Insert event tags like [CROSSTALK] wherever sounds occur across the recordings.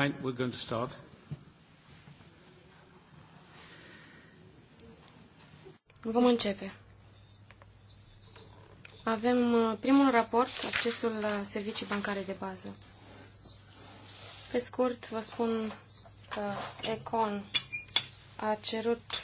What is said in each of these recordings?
Fine, we're going to start. Vom începe. Avem uh, primul raport, accesul la servicii bancare de bază. Pe scurt, vă spun că Econ a cerut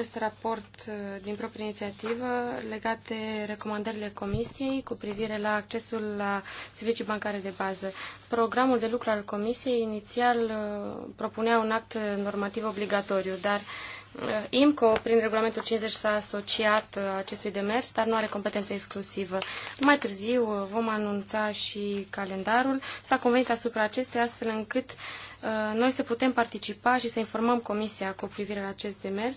acest raport uh, din proprie inițiativă legat de recomandările Comisiei cu privire la accesul la servicii bancare de bază. Programul de lucru al Comisiei inițial uh, propunea un act normativ obligatoriu, dar uh, IMCO, prin regulamentul 50, s-a asociat acestui demers, dar nu are competență exclusivă. Mai târziu vom anunța și calendarul. S-a convenit asupra acestei astfel încât uh, Uh, noi să putem participa și să informăm Comisia cu privire la acest demers.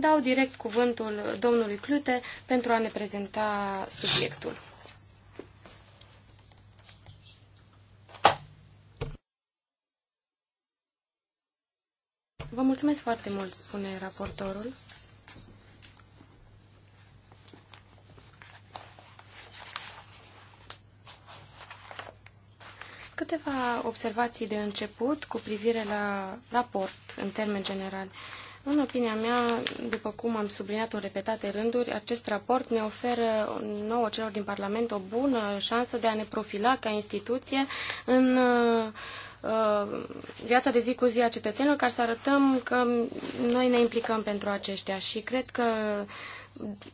Dau direct cuvântul domnului Clute pentru a ne prezenta subiectul. Vă mulțumesc foarte mult, spune raportorul. Câteva observații de început cu privire la raport în termen general. În opinia mea, după cum am subliniat în repetate rânduri, acest raport ne oferă nouă celor din Parlament o bună șansă de a ne profila ca instituție în uh, viața de zi cu zi a cetățenilor, ca să arătăm că noi ne implicăm pentru aceștia și cred că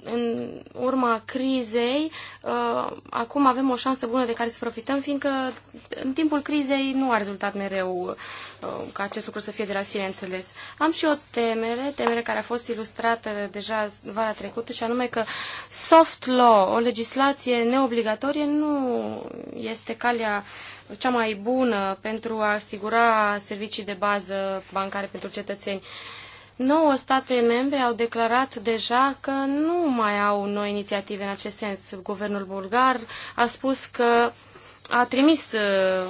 în urma crizei, uh, acum avem o șansă bună de care să profităm, fiindcă în timpul crizei nu a rezultat mereu uh, ca acest lucru să fie de la sine înțeles. Am și o temere, temere care a fost ilustrată deja vara trecută, și anume că soft law, o legislație neobligatorie, nu este calea cea mai bună pentru a asigura servicii de bază bancare pentru cetățeni. Uh, Nouă state membre au declarat deja că nu mai au noi inițiative în acest sens. Guvernul bulgar a spus că a trimis uh,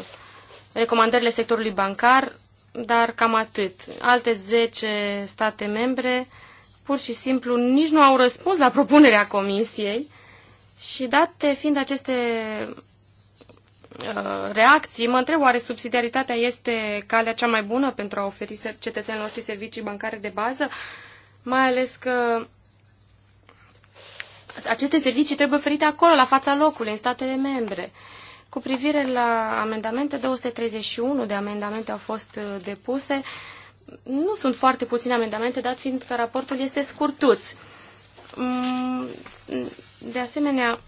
recomandările sectorului bancar, dar cam atât. Alte 10 state membre pur și simplu nici nu au răspuns la propunerea comisiei și date fiind aceste Uh, reacții, mă întreb oare subsidiaritatea este calea cea mai bună pentru a oferi cetățenilor noștri servicii bancare de bază, mai ales că aceste servicii trebuie oferite acolo, la fața locului, în statele membre. Cu privire la amendamente, 231 de amendamente au fost uh, depuse. Nu sunt foarte puține amendamente, dat fiind că raportul este scurtuț. Mm, de asemenea,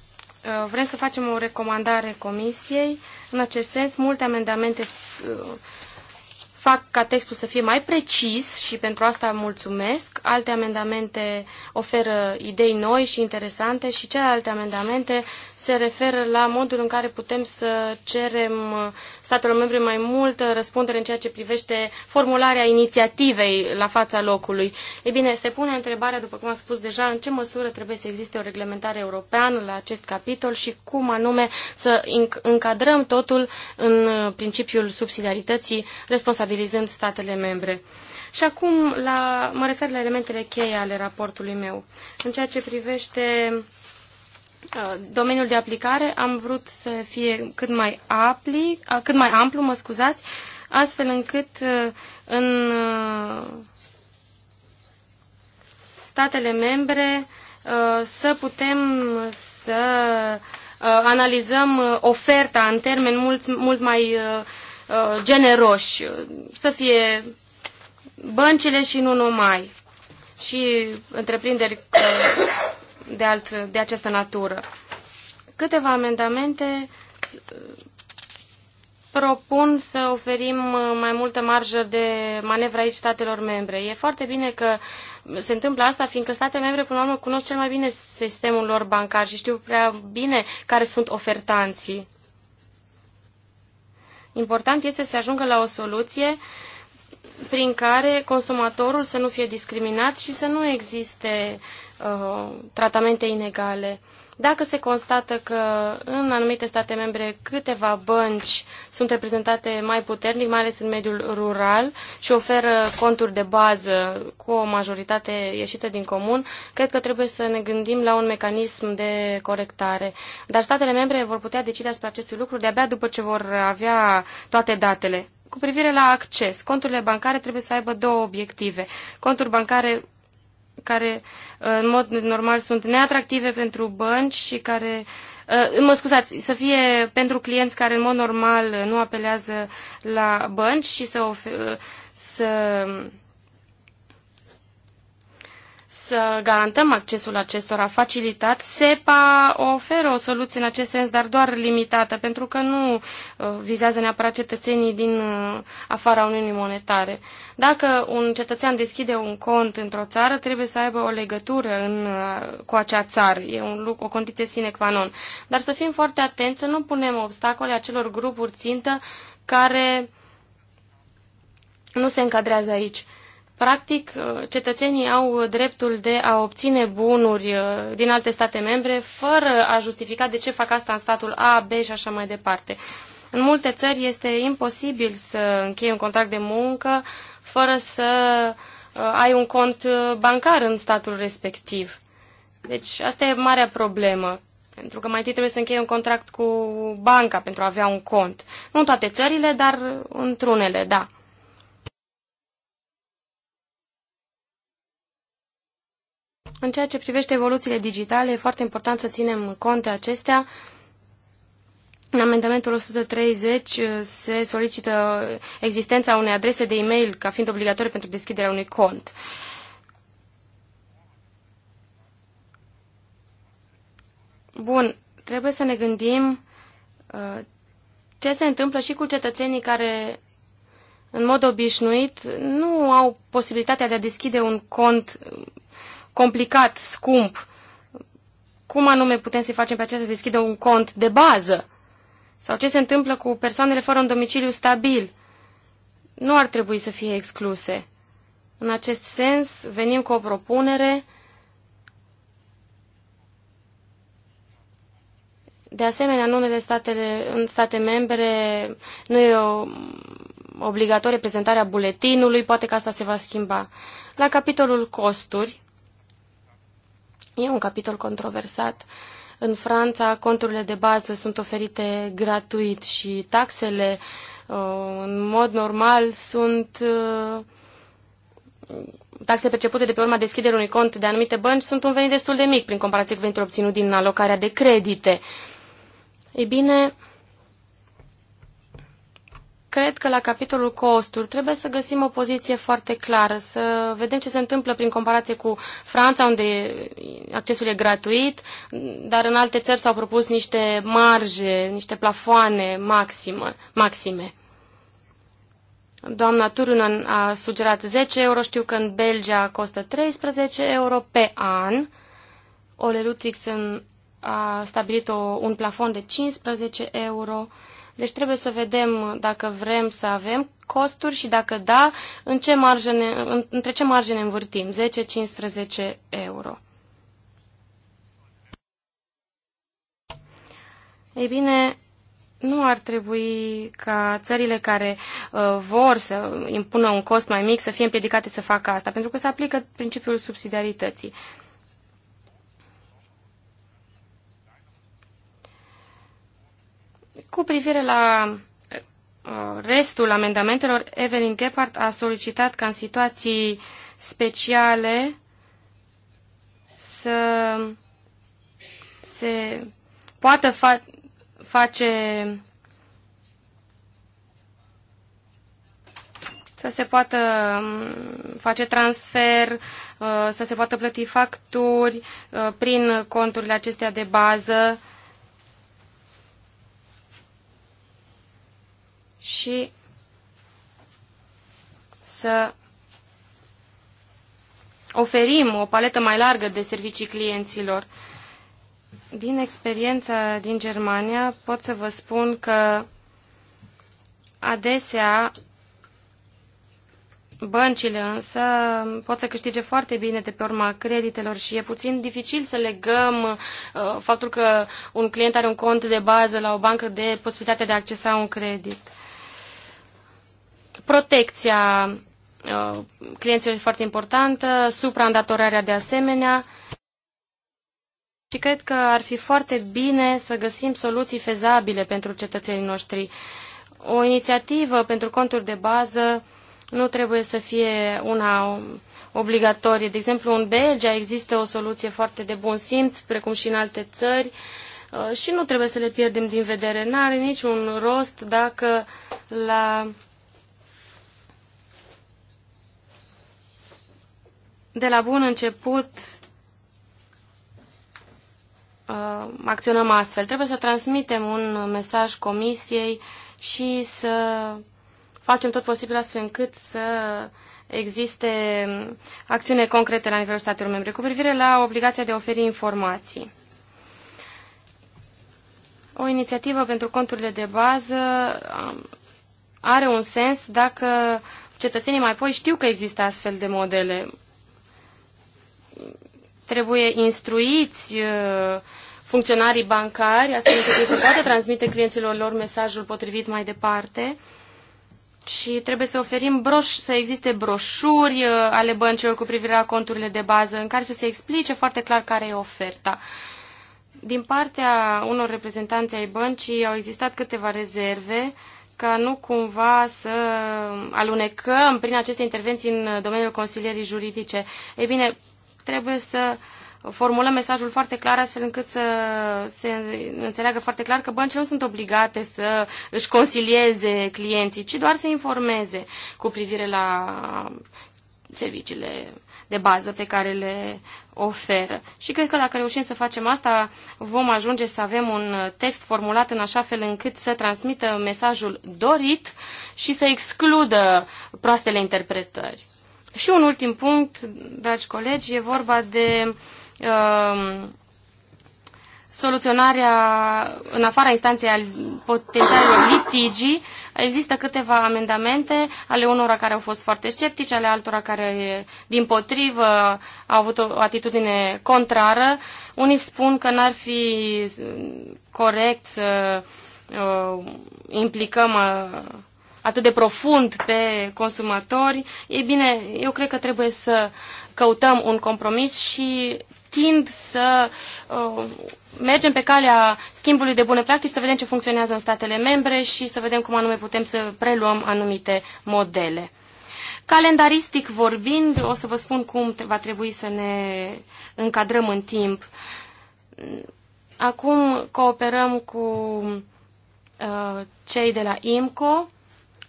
Uh, vrem să facem o recomandare comisiei. În acest sens, multe amendamente uh, fac ca textul să fie mai precis și pentru asta mulțumesc. Alte amendamente oferă idei noi și interesante și celelalte amendamente se referă la modul în care putem să cerem statelor membre mai multă răspundere în ceea ce privește formularea inițiativei la fața locului. E bine, se pune întrebarea, după cum am spus deja, în ce măsură trebuie să existe o reglementare europeană la acest capitol și cum anume să încadrăm totul în principiul subsidiarității responsabilității responsabilizând statele membre. Și acum la, mă refer la elementele cheie ale raportului meu. În ceea ce privește uh, domeniul de aplicare, am vrut să fie cât mai, apli, uh, cât mai amplu, mă scuzați, astfel încât uh, în statele membre să putem să analizăm oferta în termeni mult, mult mai Uh, generoși, uh, să fie băncile și nu numai, și întreprinderi uh, de, alt, de această natură. Câteva amendamente propun să oferim mai multă marjă de manevră aici statelor membre. E foarte bine că se întâmplă asta, fiindcă statele membre, până la urmă, cunosc cel mai bine sistemul lor bancar și știu prea bine care sunt ofertanții. Important este să ajungă la o soluție prin care consumatorul să nu fie discriminat și să nu existe uh, tratamente inegale. Dacă se constată că în anumite state membre câteva bănci sunt reprezentate mai puternic, mai ales în mediul rural, și oferă conturi de bază cu o majoritate ieșită din comun, cred că trebuie să ne gândim la un mecanism de corectare. Dar statele membre vor putea decide asupra acestui lucru de-abia după ce vor avea toate datele. Cu privire la acces, conturile bancare trebuie să aibă două obiective. Conturi bancare care uh, în mod normal sunt neatractive pentru bănci și care uh, mă scuzați, să fie pentru clienți care în mod normal nu apelează la bănci și să, ofer, uh, să să garantăm accesul acestora facilitat. SEPA oferă o soluție în acest sens, dar doar limitată, pentru că nu uh, vizează neapărat cetățenii din uh, afara Uniunii Monetare. Dacă un cetățean deschide un cont într-o țară, trebuie să aibă o legătură în, uh, cu acea țară. E un lucru, o condiție sine qua non. Dar să fim foarte atenți să nu punem obstacole acelor grupuri țintă care nu se încadrează aici. Practic, uh, cetățenii au dreptul de a obține bunuri uh, din alte state membre fără a justifica de ce fac asta în statul A, B și așa mai departe. În multe țări este imposibil să închei un contract de muncă fără să uh, ai un cont bancar în statul respectiv. Deci asta e marea problemă, pentru că mai întâi trebuie să închei un contract cu banca pentru a avea un cont. Nu în toate țările, dar într-unele, da. În ceea ce privește evoluțiile digitale, e foarte important să ținem cont de acestea. În amendamentul 130 uh, se solicită existența unei adrese de e-mail ca fiind obligatorie pentru deschiderea unui cont. Bun, trebuie să ne gândim uh, ce se întâmplă și cu cetățenii care în mod obișnuit nu au posibilitatea de a deschide un cont complicat, scump. Cum anume putem să-i facem pe aceea să deschidă un cont de bază? Sau ce se întâmplă cu persoanele fără un domiciliu stabil? Nu ar trebui să fie excluse. În acest sens, venim cu o propunere De asemenea, în unele statele, în state membre nu e o obligatorie prezentarea buletinului, poate că asta se va schimba. La capitolul costuri, E un capitol controversat. În Franța, conturile de bază sunt oferite gratuit și taxele, uh, în mod normal, sunt uh, taxe percepute de pe urma deschiderii unui cont de anumite bănci sunt un venit destul de mic prin comparație cu venitul obținut din alocarea de credite. Ei bine, cred că la capitolul costuri trebuie să găsim o poziție foarte clară, să vedem ce se întâmplă prin comparație cu Franța, unde accesul e gratuit, dar în alte țări s-au propus niște marje, niște plafoane maximă, maxime. Doamna Turunan a sugerat 10 euro, știu că în Belgia costă 13 euro pe an. Ole Ludwigsen a stabilit o, un plafon de 15 euro. Deci trebuie să vedem dacă vrem să avem costuri și dacă da, în ce marge ne, între ce marge ne învârtim, 10-15 euro. Ei bine, nu ar trebui ca țările care uh, vor să impună un cost mai mic să fie împiedicate să facă asta, pentru că se aplică principiul subsidiarității. Cu privire la uh, restul amendamentelor, Evelyn Gephardt a solicitat ca în situații speciale să se poată fa face să se poată um, face transfer, uh, să se poată plăti facturi uh, prin conturile acestea de bază, și să oferim o paletă mai largă de servicii clienților. Din experiența din Germania pot să vă spun că adesea băncile însă pot să câștige foarte bine de pe urma creditelor și e puțin dificil să legăm uh, faptul că un client are un cont de bază la o bancă de posibilitatea de a accesa un credit. Protecția uh, clienților este foarte importantă, supraîndatorarea de asemenea. Și cred că ar fi foarte bine să găsim soluții fezabile pentru cetățenii noștri. O inițiativă pentru conturi de bază nu trebuie să fie una obligatorie. De exemplu, în Belgia există o soluție foarte de bun simț, precum și în alte țări, uh, și nu trebuie să le pierdem din vedere. N-are niciun rost dacă la de la bun început uh, acționăm astfel. Trebuie să transmitem un mesaj comisiei și să facem tot posibil astfel încât să existe acțiune concrete la nivelul statelor membre cu privire la obligația de a oferi informații. O inițiativă pentru conturile de bază um, are un sens dacă cetățenii mai apoi știu că există astfel de modele trebuie instruiți uh, funcționarii bancari astfel încât să poată transmite clienților lor mesajul potrivit mai departe și trebuie să oferim broș, să existe broșuri uh, ale băncilor cu privire la conturile de bază în care să se explice foarte clar care e oferta. Din partea unor reprezentanți ai băncii au existat câteva rezerve ca nu cumva să alunecăm prin aceste intervenții în domeniul consilierii juridice. Ei bine, trebuie să formulăm mesajul foarte clar astfel încât să se înțeleagă foarte clar că băncile nu sunt obligate să își consilieze clienții, ci doar să informeze cu privire la serviciile de bază pe care le oferă. Și cred că dacă reușim să facem asta, vom ajunge să avem un text formulat în așa fel încât să transmită mesajul dorit și să excludă proastele interpretări. Și un ultim punct, dragi colegi, e vorba de uh, soluționarea în afara instanței al potențialilor litigii. Există câteva amendamente, ale unora care au fost foarte sceptici, ale altora care, din potrivă, au avut o atitudine contrară. Unii spun că n-ar fi corect să uh, implicăm uh, atât de profund pe consumatori, e bine, eu cred că trebuie să căutăm un compromis și tind să uh, mergem pe calea schimbului de bune practici, să vedem ce funcționează în statele membre și să vedem cum anume putem să preluăm anumite modele. Calendaristic vorbind, o să vă spun cum va trebui să ne încadrăm în timp. Acum cooperăm cu uh, cei de la IMCO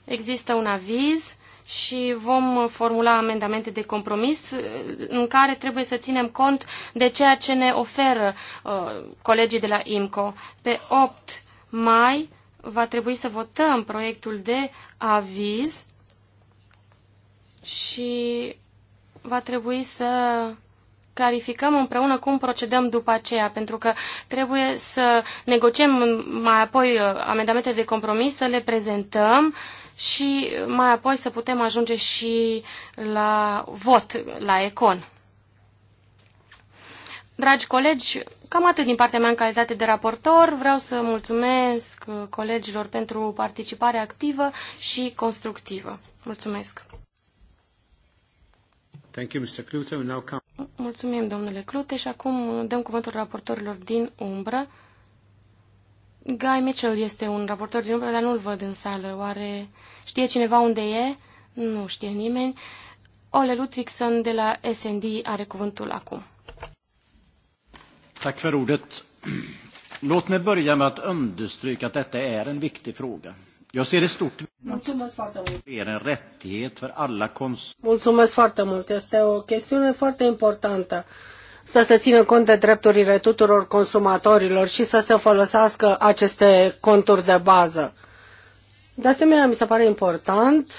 Există un aviz și vom formula amendamente de compromis în care trebuie să ținem cont de ceea ce ne oferă uh, colegii de la IMCO. Pe 8 mai va trebui să votăm proiectul de aviz și va trebui să clarificăm împreună cum procedăm după aceea, pentru că trebuie să negociem mai apoi uh, amendamente de compromis, să le prezentăm uh, și mai apoi să putem ajunge și la vot, la econ. Dragi colegi, cam atât din partea mea în calitate de raportor. Vreau să mulțumesc colegilor pentru participare activă și constructivă. Mulțumesc! Thank you, Mr. Clute. Now come... Mulțumim, domnule Clute, și acum dăm cuvântul raportorilor din umbră. Guy Mitchell este un raportor din umbră, dar nu-l văd în sală. Oare știe cineva unde e? Nu știe nimeni. Ole Ludvigson de la SND are cuvântul acum. Tack för ordet. Låt mig börja med att understryka att detta är en viktig fråga. Jag ser det stort Mulțumesc Är en rättighet för alla konsumenter. Mulțumesc foarte mult. Este o chestiune foarte importantă să se țină cont de drepturile tuturor consumatorilor și să se folosească aceste conturi de bază. De asemenea, mi se pare important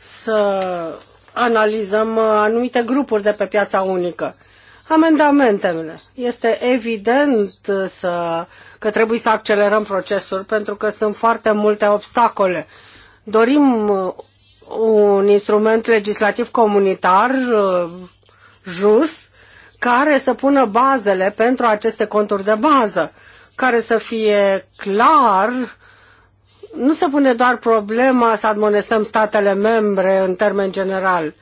să analizăm anumite grupuri de pe piața unică. Amendamentele. Este evident să, că trebuie să accelerăm procesul pentru că sunt foarte multe obstacole. Dorim un instrument legislativ comunitar uh, just care să pună bazele pentru aceste conturi de bază, care să fie clar nu se pune doar problema să admonestăm statele membre în termen general.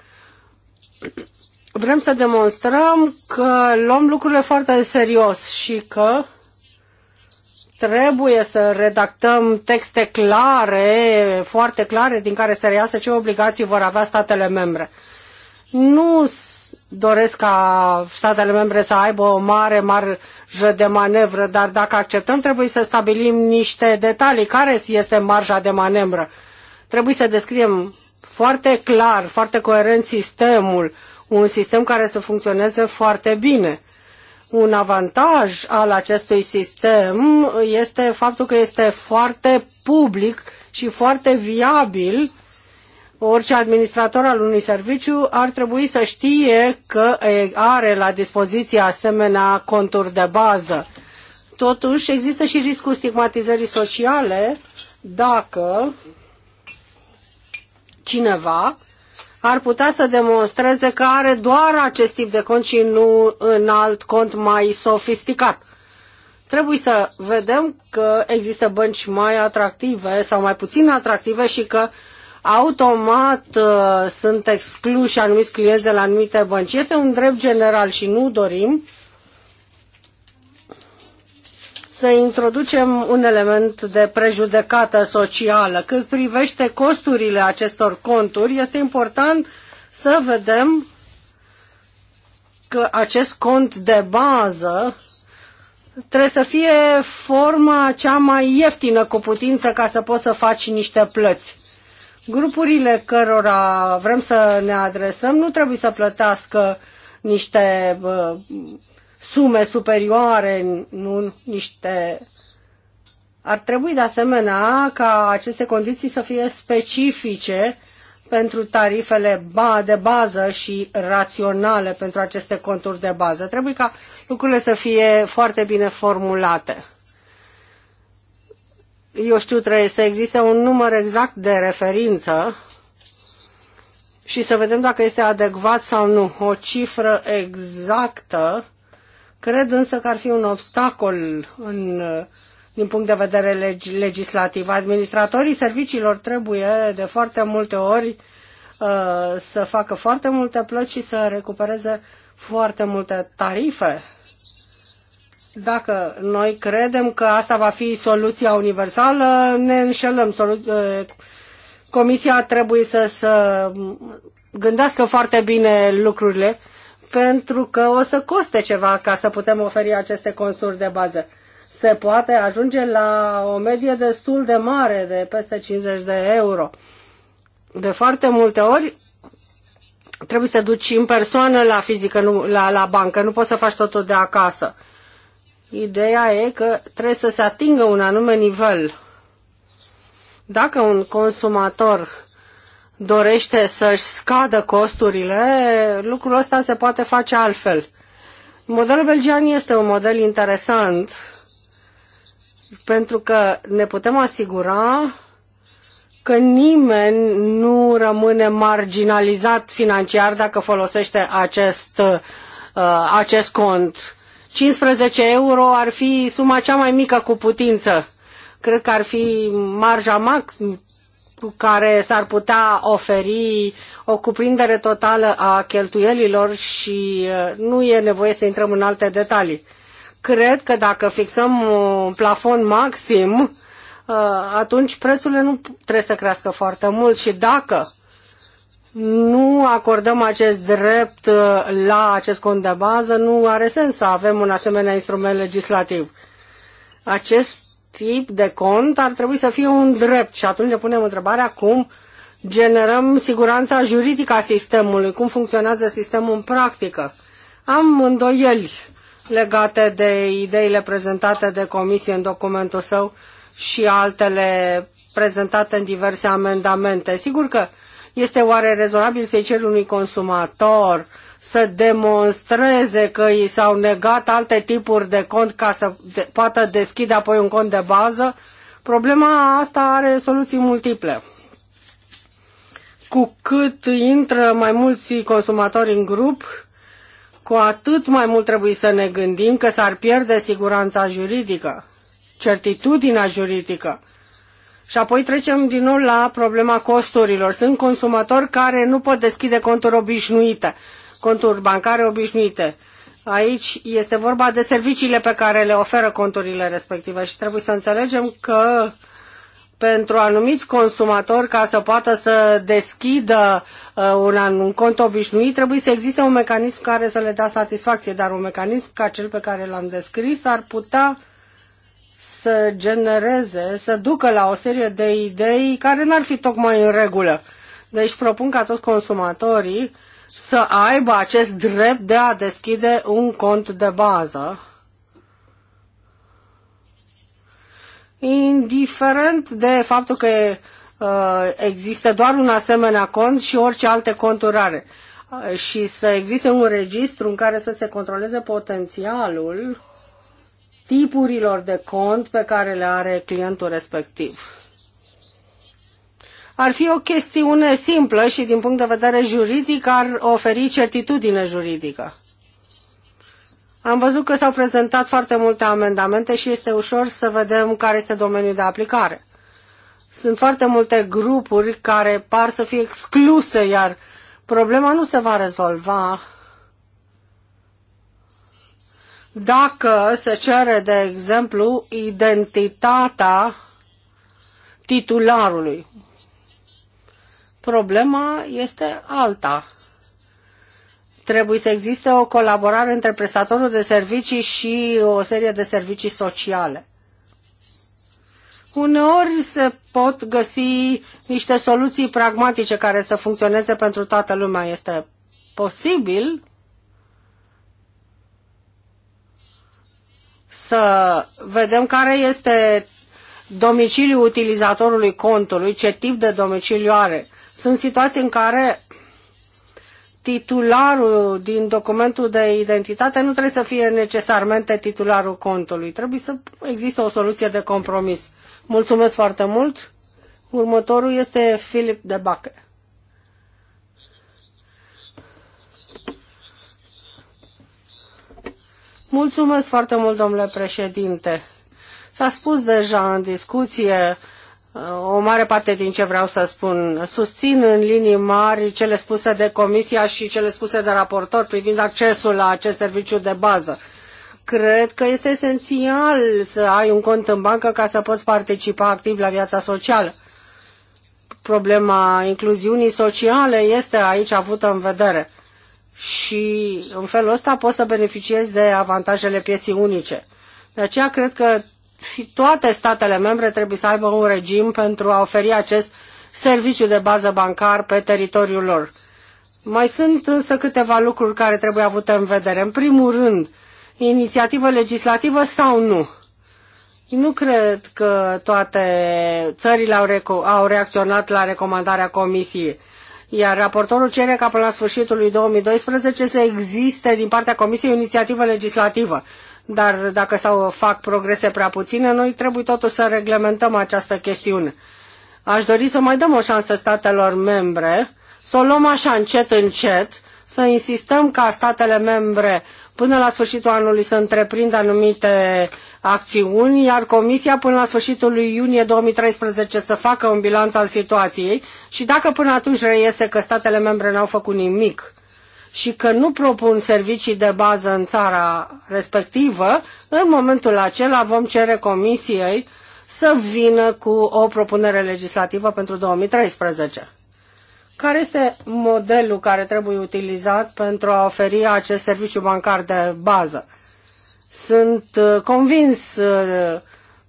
Vrem să demonstrăm că luăm lucrurile foarte serios și că trebuie să redactăm texte clare, foarte clare, din care să reiasă ce obligații vor avea statele membre. Nu doresc ca statele membre să aibă o mare marjă de manevră, dar dacă acceptăm, trebuie să stabilim niște detalii. Care este marja de manevră? Trebuie să descriem foarte clar, foarte coerent sistemul, un sistem care să funcționeze foarte bine. Un avantaj al acestui sistem este faptul că este foarte public și foarte viabil Orice administrator al unui serviciu ar trebui să știe că are la dispoziție asemenea conturi de bază. Totuși, există și riscul stigmatizării sociale dacă cineva ar putea să demonstreze că are doar acest tip de cont și nu în alt cont mai sofisticat. Trebuie să vedem că există bănci mai atractive sau mai puțin atractive și că automat uh, sunt excluși anumiți clienți de la anumite bănci. Este un drept general și nu dorim să introducem un element de prejudecată socială. Cât privește costurile acestor conturi, este important să vedem că acest cont de bază trebuie să fie forma cea mai ieftină cu putință ca să poți să faci niște plăți. Grupurile cărora vrem să ne adresăm nu trebuie să plătească niște sume superioare, nu niște ar trebui de asemenea ca aceste condiții să fie specifice pentru tarifele de bază și raționale pentru aceste conturi de bază. Trebuie ca lucrurile să fie foarte bine formulate eu știu, trebuie să existe un număr exact de referință și să vedem dacă este adecvat sau nu. O cifră exactă, cred însă că ar fi un obstacol în, din punct de vedere leg- legislativ. Administratorii serviciilor trebuie de foarte multe ori uh, să facă foarte multe plăci și să recupereze foarte multe tarife dacă noi credem că asta va fi soluția universală, ne înșelăm. Ă, Comisia trebuie să, să gândească foarte bine lucrurile, pentru că o să coste ceva ca să putem oferi aceste consuri de bază. Se poate ajunge la o medie destul de mare, de peste 50 de euro. De foarte multe ori trebuie să te duci în persoană la fizică, nu, la, la bancă, nu poți să faci totul de acasă. Ideea e că trebuie să se atingă un anume nivel. Dacă un consumator dorește să-și scadă costurile, lucrul ăsta se poate face altfel. Modelul belgian este un model interesant pentru că ne putem asigura că nimeni nu rămâne marginalizat financiar dacă folosește acest, uh, acest cont 15 euro ar fi suma cea mai mică cu putință. Cred că ar fi marja max cu care s-ar putea oferi o cuprindere totală a cheltuielilor și nu e nevoie să intrăm în alte detalii. Cred că dacă fixăm un plafon maxim, atunci prețurile nu trebuie să crească foarte mult și dacă nu acordăm acest drept uh, la acest cont de bază, nu are sens să avem un asemenea instrument legislativ. Acest tip de cont ar trebui să fie un drept și atunci ne punem întrebarea cum generăm siguranța juridică a sistemului, cum funcționează sistemul în practică. Am îndoieli legate de ideile prezentate de comisie în documentul său și altele prezentate în diverse amendamente. Sigur că este oare rezonabil să-i ceri unui consumator să demonstreze că i s-au negat alte tipuri de cont ca să poată deschide apoi un cont de bază? Problema asta are soluții multiple. Cu cât intră mai mulți consumatori în grup, cu atât mai mult trebuie să ne gândim că s-ar pierde siguranța juridică, certitudinea juridică și apoi trecem din nou la problema costurilor. Sunt consumatori care nu pot deschide conturi obișnuite, conturi bancare obișnuite. Aici este vorba de serviciile pe care le oferă conturile respective și trebuie să înțelegem că pentru anumiți consumatori ca să poată să deschidă uh, un, un cont obișnuit, trebuie să existe un mecanism care să le dea satisfacție, dar un mecanism ca cel pe care l-am descris ar putea să genereze, să ducă la o serie de idei care n-ar fi tocmai în regulă. Deci propun ca toți consumatorii să aibă acest drept de a deschide un cont de bază, indiferent de faptul că uh, există doar un asemenea cont și orice alte conturi are. Uh, și să existe un registru în care să se controleze potențialul tipurilor de cont pe care le are clientul respectiv. Ar fi o chestiune simplă și din punct de vedere juridic ar oferi certitudine juridică. Am văzut că s-au prezentat foarte multe amendamente și este ușor să vedem care este domeniul de aplicare. Sunt foarte multe grupuri care par să fie excluse, iar problema nu se va rezolva dacă se cere, de exemplu, identitatea titularului. Problema este alta. Trebuie să existe o colaborare între prestatorul de servicii și o serie de servicii sociale. Uneori se pot găsi niște soluții pragmatice care să funcționeze pentru toată lumea. Este posibil, să vedem care este domiciliul utilizatorului contului, ce tip de domiciliu are. Sunt situații în care titularul din documentul de identitate nu trebuie să fie necesarmente titularul contului. Trebuie să există o soluție de compromis. Mulțumesc foarte mult. Următorul este Filip de Bacă. Mulțumesc foarte mult, domnule președinte. S-a spus deja în discuție uh, o mare parte din ce vreau să spun. Susțin în linii mari cele spuse de comisia și cele spuse de raportor privind accesul la acest serviciu de bază. Cred că este esențial să ai un cont în bancă ca să poți participa activ la viața socială. Problema incluziunii sociale este aici avută în vedere și în felul ăsta poți să beneficiezi de avantajele pieții unice. De aceea cred că toate statele membre trebuie să aibă un regim pentru a oferi acest serviciu de bază bancar pe teritoriul lor. Mai sunt însă câteva lucruri care trebuie avute în vedere. În primul rând, inițiativă legislativă sau nu? Nu cred că toate țările au, reco- au reacționat la recomandarea Comisiei iar raportorul cere ca până la sfârșitul lui 2012 să existe din partea Comisiei o inițiativă legislativă. Dar dacă s-au fac progrese prea puține, noi trebuie totuși să reglementăm această chestiune. Aș dori să mai dăm o șansă statelor membre, să o luăm așa încet, încet, să insistăm ca statele membre Până la sfârșitul anului să întreprindă anumite acțiuni, iar Comisia până la sfârșitul lui iunie 2013 să facă un bilanț al situației și dacă până atunci reiese că statele membre n-au făcut nimic și că nu propun servicii de bază în țara respectivă, în momentul acela vom cere Comisiei să vină cu o propunere legislativă pentru 2013. Care este modelul care trebuie utilizat pentru a oferi acest serviciu bancar de bază? Sunt uh, convins, uh,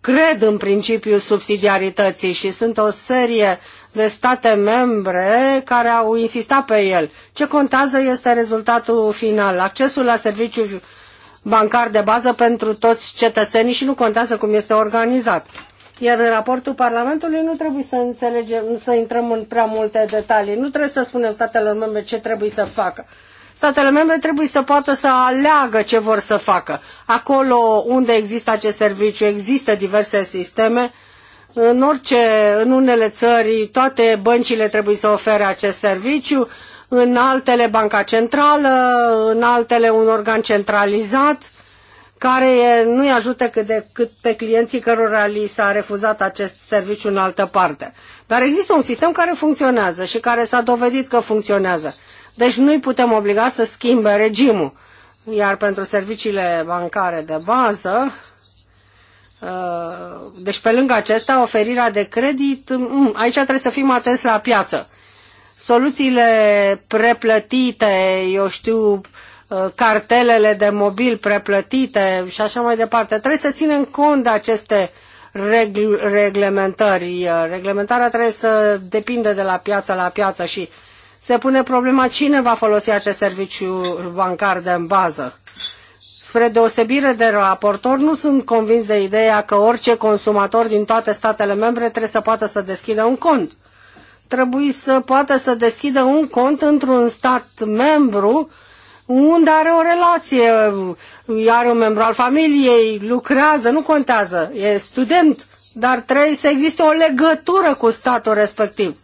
cred în principiul subsidiarității și sunt o serie de state membre care au insistat pe el. Ce contează este rezultatul final, accesul la serviciu bancar de bază pentru toți cetățenii și nu contează cum este organizat. Iar în raportul Parlamentului nu trebuie să înțelegem, să intrăm în prea multe detalii. Nu trebuie să spunem statelor membre ce trebuie să facă. Statele membre trebuie să poată să aleagă ce vor să facă. Acolo unde există acest serviciu, există diverse sisteme. În orice, în unele țări, toate băncile trebuie să ofere acest serviciu, în altele Banca Centrală, în altele un organ centralizat care nu-i ajută cât cât pe clienții cărora li s-a refuzat acest serviciu în altă parte. Dar există un sistem care funcționează și care s-a dovedit că funcționează. Deci nu-i putem obliga să schimbe regimul. Iar pentru serviciile bancare de bază, uh, deci pe lângă acesta, oferirea de credit, mm, aici trebuie să fim atenți la piață. Soluțiile preplătite, eu știu, Uh, cartelele de mobil preplătite și așa mai departe. Trebuie să ținem cont de aceste regl- reglementări. Uh, reglementarea trebuie să depinde de la piață la piață și se pune problema cine va folosi acest serviciu bancar de în bază. Spre deosebire de raportor, nu sunt convins de ideea că orice consumator din toate statele membre trebuie să poată să deschidă un cont. Trebuie să poată să deschidă un cont într-un stat membru unde are o relație, are un membru al familiei, lucrează, nu contează, e student, dar trebuie să existe o legătură cu statul respectiv.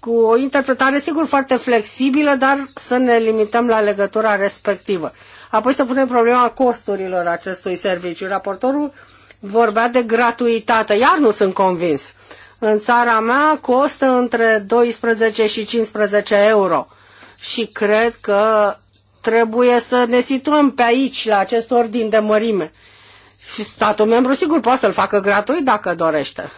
Cu o interpretare, sigur, foarte flexibilă, dar să ne limităm la legătura respectivă. Apoi să punem problema costurilor acestui serviciu. Raportorul vorbea de gratuitate. Iar nu sunt convins. În țara mea costă între 12 și 15 euro și cred că trebuie să ne situăm pe aici, la acest ordin de mărime. Și statul membru, sigur, poate să-l facă gratuit dacă dorește.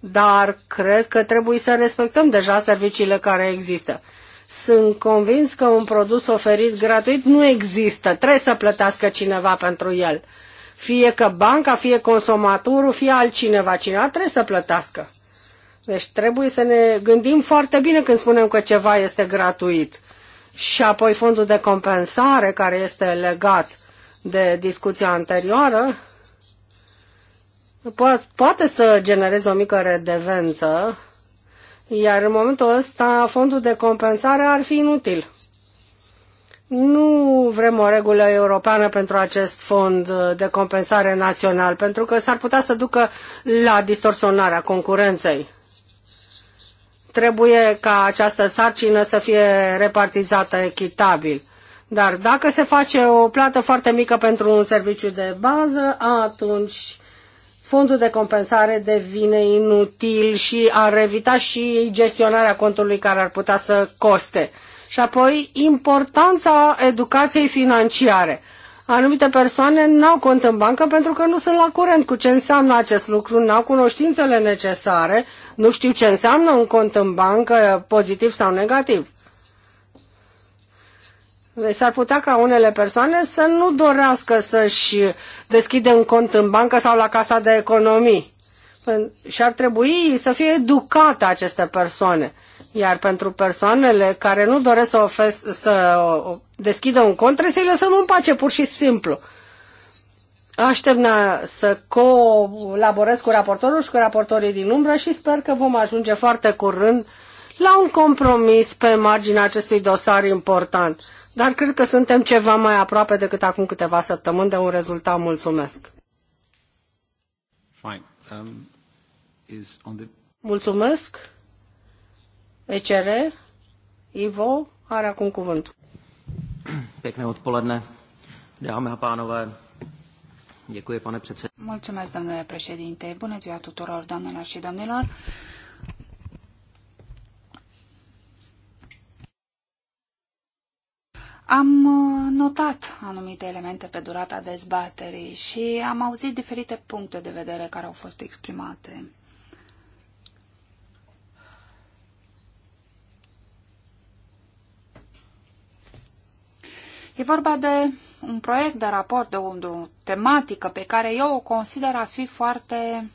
Dar cred că trebuie să respectăm deja serviciile care există. Sunt convins că un produs oferit gratuit nu există. Trebuie să plătească cineva pentru el. Fie că banca, fie consumatorul, fie altcineva. Cineva trebuie să plătească. Deci trebuie să ne gândim foarte bine când spunem că ceva este gratuit. Și apoi fondul de compensare care este legat de discuția anterioară poate să genereze o mică redevență, iar în momentul ăsta fondul de compensare ar fi inutil. Nu vrem o regulă europeană pentru acest fond de compensare național, pentru că s-ar putea să ducă la distorsionarea concurenței. Trebuie ca această sarcină să fie repartizată echitabil. Dar dacă se face o plată foarte mică pentru un serviciu de bază, atunci fondul de compensare devine inutil și ar evita și gestionarea contului care ar putea să coste. Și apoi importanța educației financiare anumite persoane n-au cont în bancă pentru că nu sunt la curent cu ce înseamnă acest lucru, n-au cunoștințele necesare, nu știu ce înseamnă un cont în bancă, pozitiv sau negativ. Deci s-ar putea ca unele persoane să nu dorească să-și deschide un cont în bancă sau la casa de economii. Păi, și ar trebui să fie educate aceste persoane iar pentru persoanele care nu doresc să, ofes, să deschidă un cont, trebuie să-i lăsăm în pace, pur și simplu. Aștept să colaborez cu raportorul și cu raportorii din umbră și sper că vom ajunge foarte curând la un compromis pe marginea acestui dosar important. Dar cred că suntem ceva mai aproape decât acum câteva săptămâni de un rezultat. Mulțumesc! Fine. Um, is on the... Mulțumesc! ECR, Ivo, are acum cuvânt. Pekné odpoledne, dámy a pánové. Děkuji, pane předsedo. Mulțumesc, domnule președinte. Bună ziua tuturor, doamnelor și domnilor. Am uh, notat anumite elemente pe durata dezbaterii și am auzit diferite puncte de vedere care au fost exprimate. E vorba de un proiect de raport, de o, de o tematică pe care eu o consider a fi foarte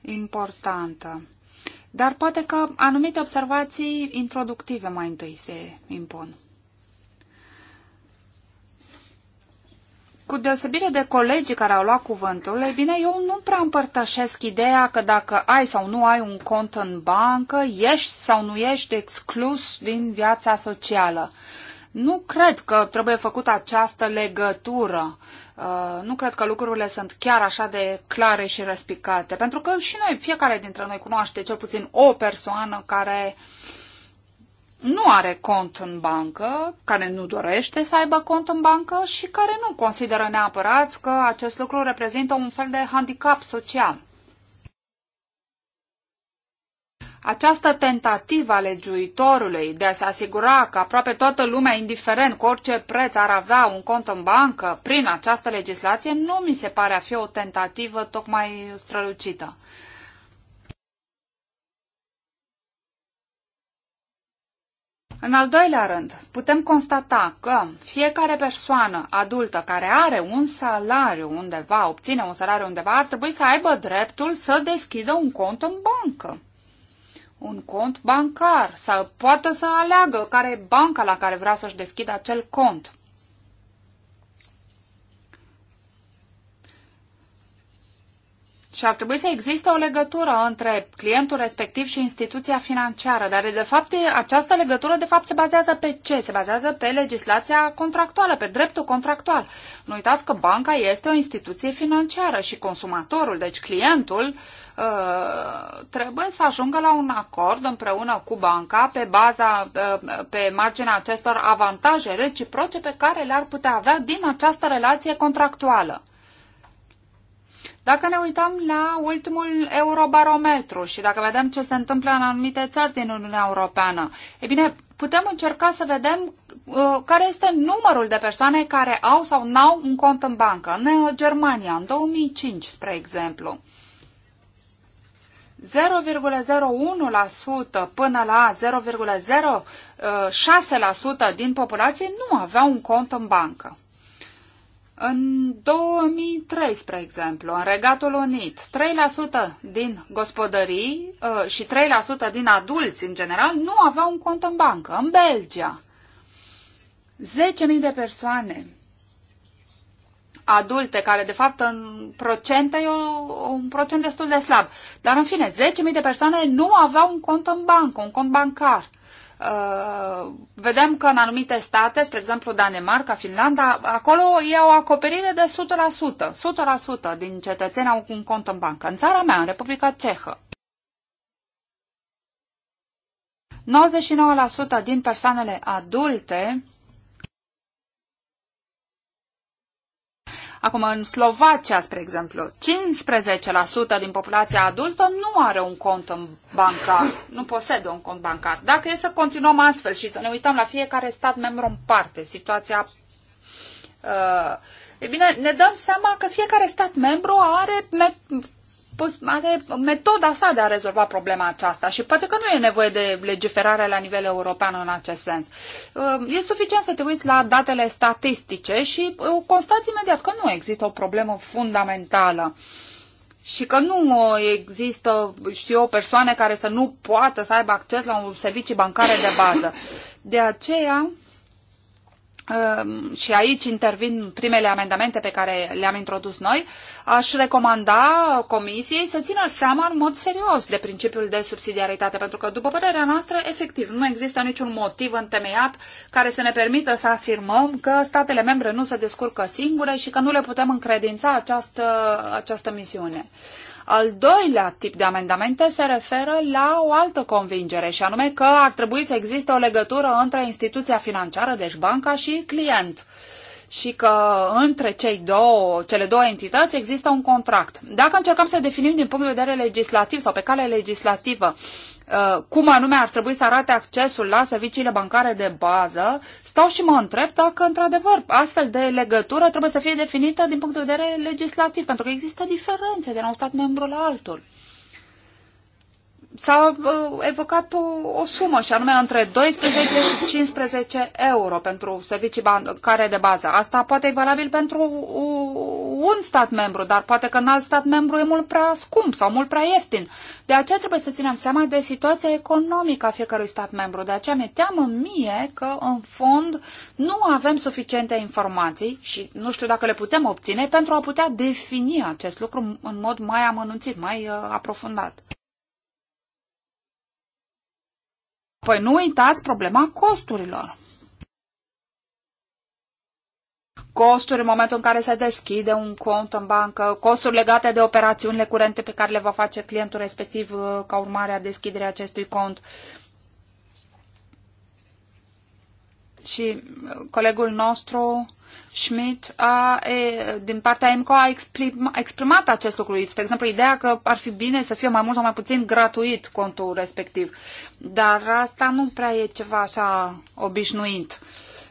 importantă. Dar poate că anumite observații introductive mai întâi se impun. Cu deosebire de colegii care au luat cuvântul, ei bine, eu nu prea împărtășesc ideea că dacă ai sau nu ai un cont în bancă, ești sau nu ești exclus din viața socială. Nu cred că trebuie făcută această legătură. Uh, nu cred că lucrurile sunt chiar așa de clare și răspicate, pentru că și noi, fiecare dintre noi cunoaște cel puțin o persoană care nu are cont în bancă, care nu dorește să aibă cont în bancă și care nu consideră neapărat că acest lucru reprezintă un fel de handicap social. Această tentativă a legiuitorului de a se asigura că aproape toată lumea, indiferent cu orice preț, ar avea un cont în bancă prin această legislație, nu mi se pare a fi o tentativă tocmai strălucită. În al doilea rând, putem constata că fiecare persoană adultă care are un salariu undeva, obține un salariu undeva, ar trebui să aibă dreptul să deschidă un cont în bancă un cont bancar, să poată să aleagă care e banca la care vrea să-și deschidă acel cont. Și ar trebui să existe o legătură între clientul respectiv și instituția financiară, dar de fapt această legătură de fapt se bazează pe ce? Se bazează pe legislația contractuală, pe dreptul contractual. Nu uitați că banca este o instituție financiară și consumatorul, deci clientul, Uh, trebuie să ajungă la un acord împreună cu banca pe baza, uh, pe marginea acestor avantaje reciproce pe care le-ar putea avea din această relație contractuală. Dacă ne uităm la ultimul eurobarometru și dacă vedem ce se întâmplă în anumite țări din Uniunea Europeană, e bine, putem încerca să vedem uh, care este numărul de persoane care au sau n-au un cont în bancă. În uh, Germania, în 2005, spre exemplu, 0,01% până la 0,06% din populație nu avea un cont în bancă. În 2003, spre exemplu, în Regatul Unit, 3% din gospodării uh, și 3% din adulți în general nu aveau un cont în bancă. În Belgia, 10.000 de persoane adulte, care de fapt în procente e un procent destul de slab. Dar în fine, 10.000 de persoane nu aveau un cont în bancă, un cont bancar. Uh, vedem că în anumite state, spre exemplu Danemarca, Finlanda, acolo e o acoperire de 100%. 100% din cetățeni au un cont în bancă. În țara mea, în Republica Cehă, 99% din persoanele adulte Acum, în Slovacia, spre exemplu, 15% din populația adultă nu are un cont în bancar, nu posedă un cont bancar. Dacă e să continuăm astfel și să ne uităm la fiecare stat membru în parte, situația uh, E bine, ne dăm seama că fiecare stat membru are are metoda sa de a rezolva problema aceasta și poate că nu e nevoie de legiferare la nivel european în acest sens. Ă, e suficient să te uiți la datele statistice și ă, constați imediat că nu există o problemă fundamentală și că nu ă, există, știu eu, persoane care să nu poată să aibă acces la un servicii bancare de bază. De aceea, Ehm, și aici intervin primele amendamente pe care le-am introdus noi, aș recomanda Comisiei să țină seama în mod serios de principiul de subsidiaritate, pentru că, după părerea noastră, efectiv, nu există niciun motiv întemeiat care să ne permită să afirmăm că statele membre nu se descurcă singure și că nu le putem încredința această, această misiune. Al doilea tip de amendamente se referă la o altă convingere și anume că ar trebui să existe o legătură între instituția financiară, deci banca și client și că între cei două, cele două entități există un contract. Dacă încercăm să definim din punct de vedere legislativ sau pe cale legislativă Uh, cum anume ar trebui să arate accesul la serviciile bancare de bază, stau și mă întreb dacă, într-adevăr, astfel de legătură trebuie să fie definită din punct de vedere legislativ, pentru că există diferențe de la un stat membru la altul s-a uh, evocat o, o sumă și anume între 12 și 15 euro pentru servicii bancare de bază. Asta poate e valabil pentru un stat membru, dar poate că în alt stat membru e mult prea scump sau mult prea ieftin. De aceea trebuie să ținem seama de situația economică a fiecărui stat membru. De aceea mi teamă mie că în fond nu avem suficiente informații și nu știu dacă le putem obține pentru a putea defini acest lucru în mod mai amănunțit, mai uh, aprofundat. Păi nu uitați problema costurilor. Costuri în momentul în care se deschide un cont în bancă, costuri legate de operațiunile curente pe care le va face clientul respectiv uh, ca urmare a deschiderii acestui cont. Și uh, colegul nostru Schmidt a, e, din partea EMCO a exprima, exprimat acest lucru. Spre exemplu, ideea că ar fi bine să fie mai mult sau mai puțin gratuit contul respectiv. Dar asta nu prea e ceva așa obișnuit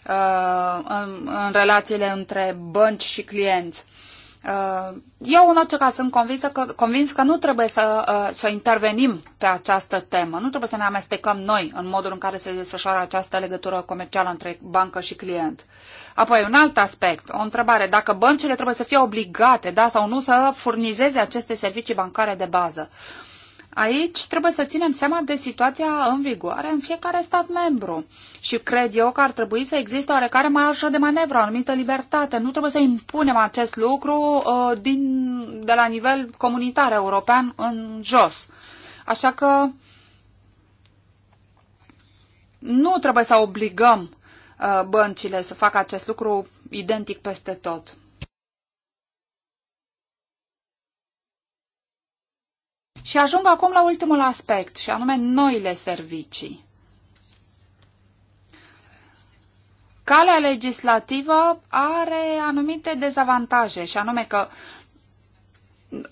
uh, în, în relațiile între bănci și clienți. Uh, Uh, eu, în orice caz, sunt convins că, convins că nu trebuie să, uh, să intervenim pe această temă. Nu trebuie să ne amestecăm noi în modul în care se desfășoară această legătură comercială între bancă și client. Apoi, un alt aspect, o întrebare, dacă băncile trebuie să fie obligate, da sau nu, să furnizeze aceste servicii bancare de bază. Uh, Aici trebuie să ținem seama de situația în vigoare în fiecare stat membru și cred eu că ar trebui să existe oarecare marjă de manevră, o anumită libertate. Nu trebuie să impunem acest lucru uh, din, de la nivel comunitar european în jos. Așa că nu trebuie să obligăm uh, băncile să facă acest lucru identic peste tot. Și ajung acum la ultimul aspect, și anume noile servicii. Calea legislativă are anumite dezavantaje, și anume că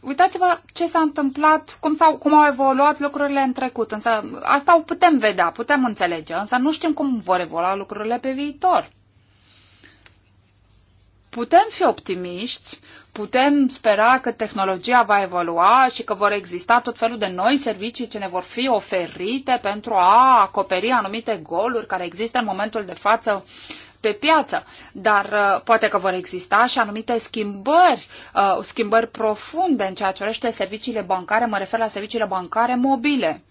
Uitați-vă ce s-a întâmplat, cum, s-au, cum au evoluat lucrurile în trecut. Însă asta o putem vedea, putem înțelege, însă nu știm cum vor evolua lucrurile pe viitor. Putem fi optimiști, putem spera că tehnologia va evolua și că vor exista tot felul de noi servicii ce ne vor fi oferite pentru a acoperi anumite goluri care există în momentul de față pe piață, dar uh, poate că vor exista și anumite schimbări, uh, schimbări profunde în ceea ce urește serviciile bancare, mă refer la serviciile bancare mobile.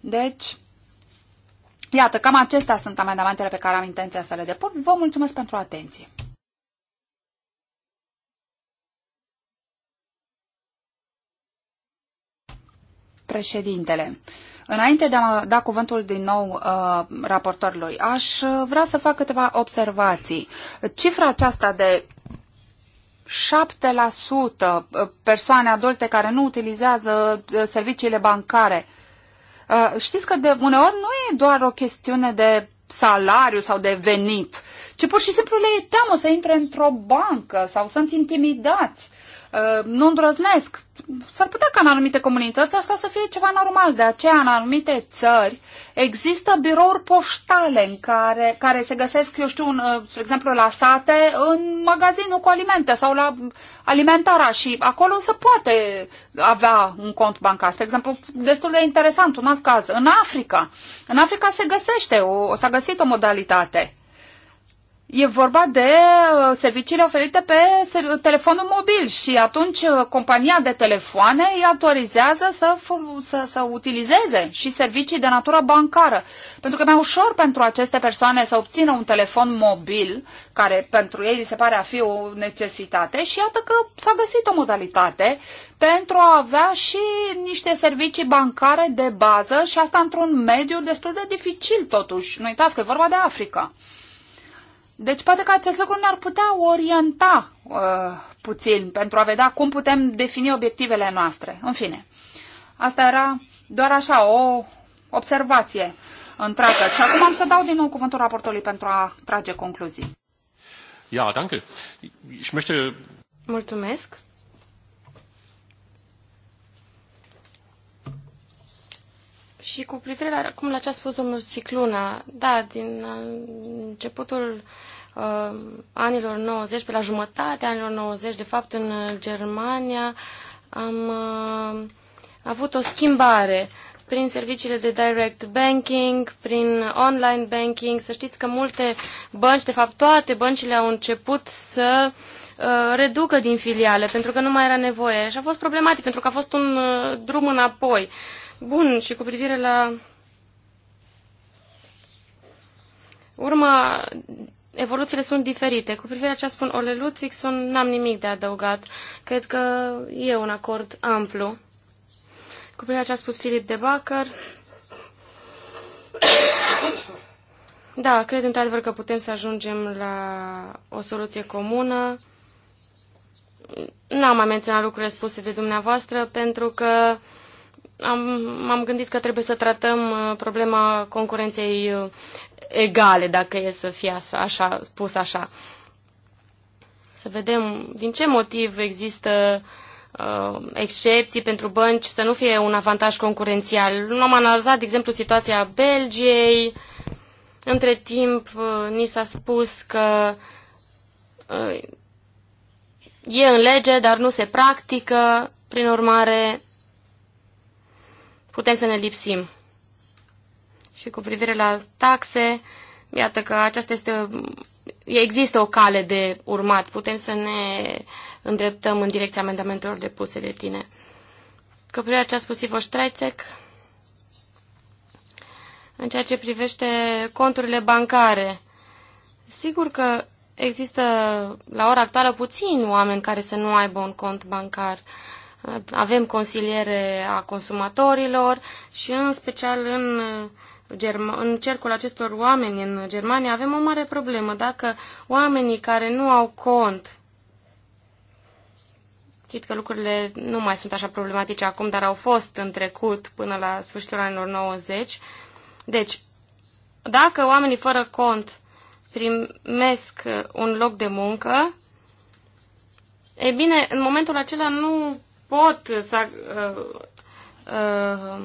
Deci, iată, cam acestea sunt amendamentele pe care am intenția să le depun. Vă mulțumesc pentru atenție. președintele. Înainte de a da cuvântul din nou uh, raportorului, aș uh, vrea să fac câteva observații. Cifra aceasta de 7% uh, persoane adulte care nu utilizează uh, serviciile bancare. Știți că de uneori nu e doar o chestiune de salariu sau de venit ce pur și simplu le e teamă să intre într-o bancă sau sunt intimidați, uh, nu îndrăznesc. S-ar putea ca în anumite comunități asta să fie ceva normal, de aceea în anumite țări există birouri poștale în care, care se găsesc, eu știu, un, uh, spre exemplu, la sate, în magazinul cu alimente sau la alimentara și acolo se poate avea un cont bancar. Spre exemplu, destul de interesant, un alt caz, în Africa. În Africa se găsește, o, s-a găsit o modalitate. E vorba de uh, serviciile oferite pe telefonul mobil și atunci uh, compania de telefoane îi autorizează să, să, să utilizeze și servicii de natură bancară. Pentru că e mai ușor pentru aceste persoane să obțină un telefon mobil, care pentru ei se pare a fi o necesitate, și iată că s-a găsit o modalitate pentru a avea și niște servicii bancare de bază și asta într-un mediu destul de dificil totuși. Nu uitați că e vorba de Africa. Deci poate că acest lucru ne-ar putea orienta uh, puțin pentru a vedea cum putem defini obiectivele noastre. În fine, asta era doar așa o observație întreagă. Și acum am să dau din nou cuvântul raportului pentru a trage concluzii. Ja, danke. Ich möchte... Mulțumesc. Și cu privire la, cum la ce a spus domnul Cicluna, da, din uh, începutul uh, anilor 90, pe la jumătatea anilor 90, de fapt în uh, Germania, am uh, avut o schimbare prin serviciile de direct banking, prin online banking. Să știți că multe bănci, de fapt toate băncile au început să uh, reducă din filiale, pentru că nu mai era nevoie. Și a fost problematic, pentru că a fost un drum înapoi bun și cu privire la urma evoluțiile sunt diferite. Cu privire la ce spun Ole Ludwigson, n-am nimic de adăugat. Cred că e un acord amplu. Cu privire la ce a spus Filip de Bacăr, [COUGHS] da, cred într-adevăr că putem să ajungem la o soluție comună. N-am mai menționat lucrurile spuse de dumneavoastră, pentru că m-am am gândit că trebuie să tratăm uh, problema concurenței uh, egale, dacă e să fie așa, așa spus așa. Să vedem din ce motiv există uh, excepții pentru bănci să nu fie un avantaj concurențial. Nu Am analizat, de exemplu, situația Belgiei. Între timp, uh, ni s-a spus că uh, e în lege, dar nu se practică. Prin urmare, putem să ne lipsim. Și cu privire la taxe, iată că aceasta este, există o cale de urmat. Putem să ne îndreptăm în direcția amendamentelor depuse de tine. Cu privire la ce a spus Ivo Ștrețec, în ceea ce privește conturile bancare, sigur că există la ora actuală puțini oameni care să nu aibă un cont bancar. Uh, avem consiliere a consumatorilor și în special în, Germa- în cercul acestor oameni în Germania avem o mare problemă. Dacă oamenii care nu au cont, chit că lucrurile nu mai sunt așa problematice acum, dar au fost în trecut până la sfârșitul anilor 90, deci dacă oamenii fără cont primesc un loc de muncă, e bine, în momentul acela nu pot să uh, uh,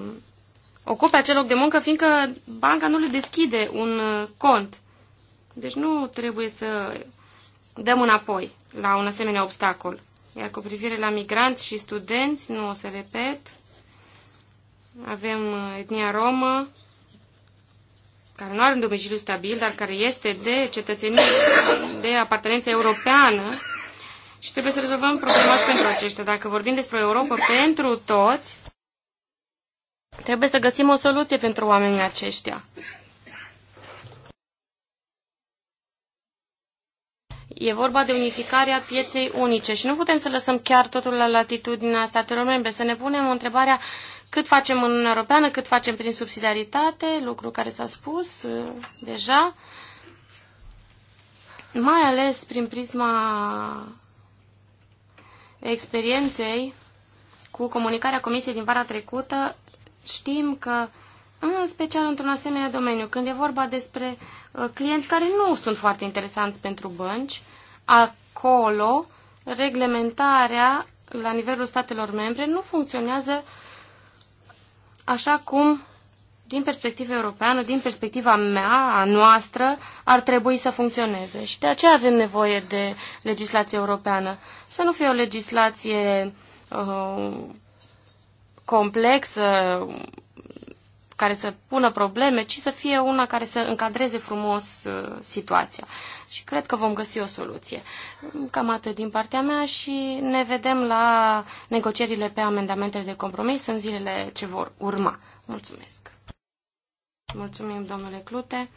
ocupe acel loc de muncă, fiindcă banca nu le deschide un uh, cont. Deci nu trebuie să dăm înapoi la un asemenea obstacol. Iar cu privire la migranți și studenți, nu o să repet, avem uh, etnia romă, care nu are un domiciliu stabil, dar care este de cetățenie, de apartenență europeană, și trebuie să rezolvăm problema și pentru aceștia. Dacă vorbim despre Europa pentru toți, trebuie să găsim o soluție pentru oamenii aceștia. E vorba de unificarea pieței unice și nu putem să lăsăm chiar totul la latitudinea statelor membre, să ne punem întrebarea cât facem în Uniunea Europeană, cât facem prin subsidiaritate, lucru care s-a spus uh, deja, mai ales prin prisma experienței cu comunicarea Comisiei din vara trecută, știm că, în special într-un asemenea domeniu, când e vorba despre uh, clienți care nu sunt foarte interesanți pentru bănci, acolo reglementarea la nivelul statelor membre nu funcționează așa cum din perspectiva europeană, din perspectiva mea, a noastră, ar trebui să funcționeze. Și de aceea avem nevoie de legislație europeană. Să nu fie o legislație uh, complexă, care să pună probleme, ci să fie una care să încadreze frumos uh, situația. Și cred că vom găsi o soluție. Cam atât din partea mea și ne vedem la negocierile pe amendamentele de compromis în zilele ce vor urma. Mulțumesc! Mulțumim, domnule Clute.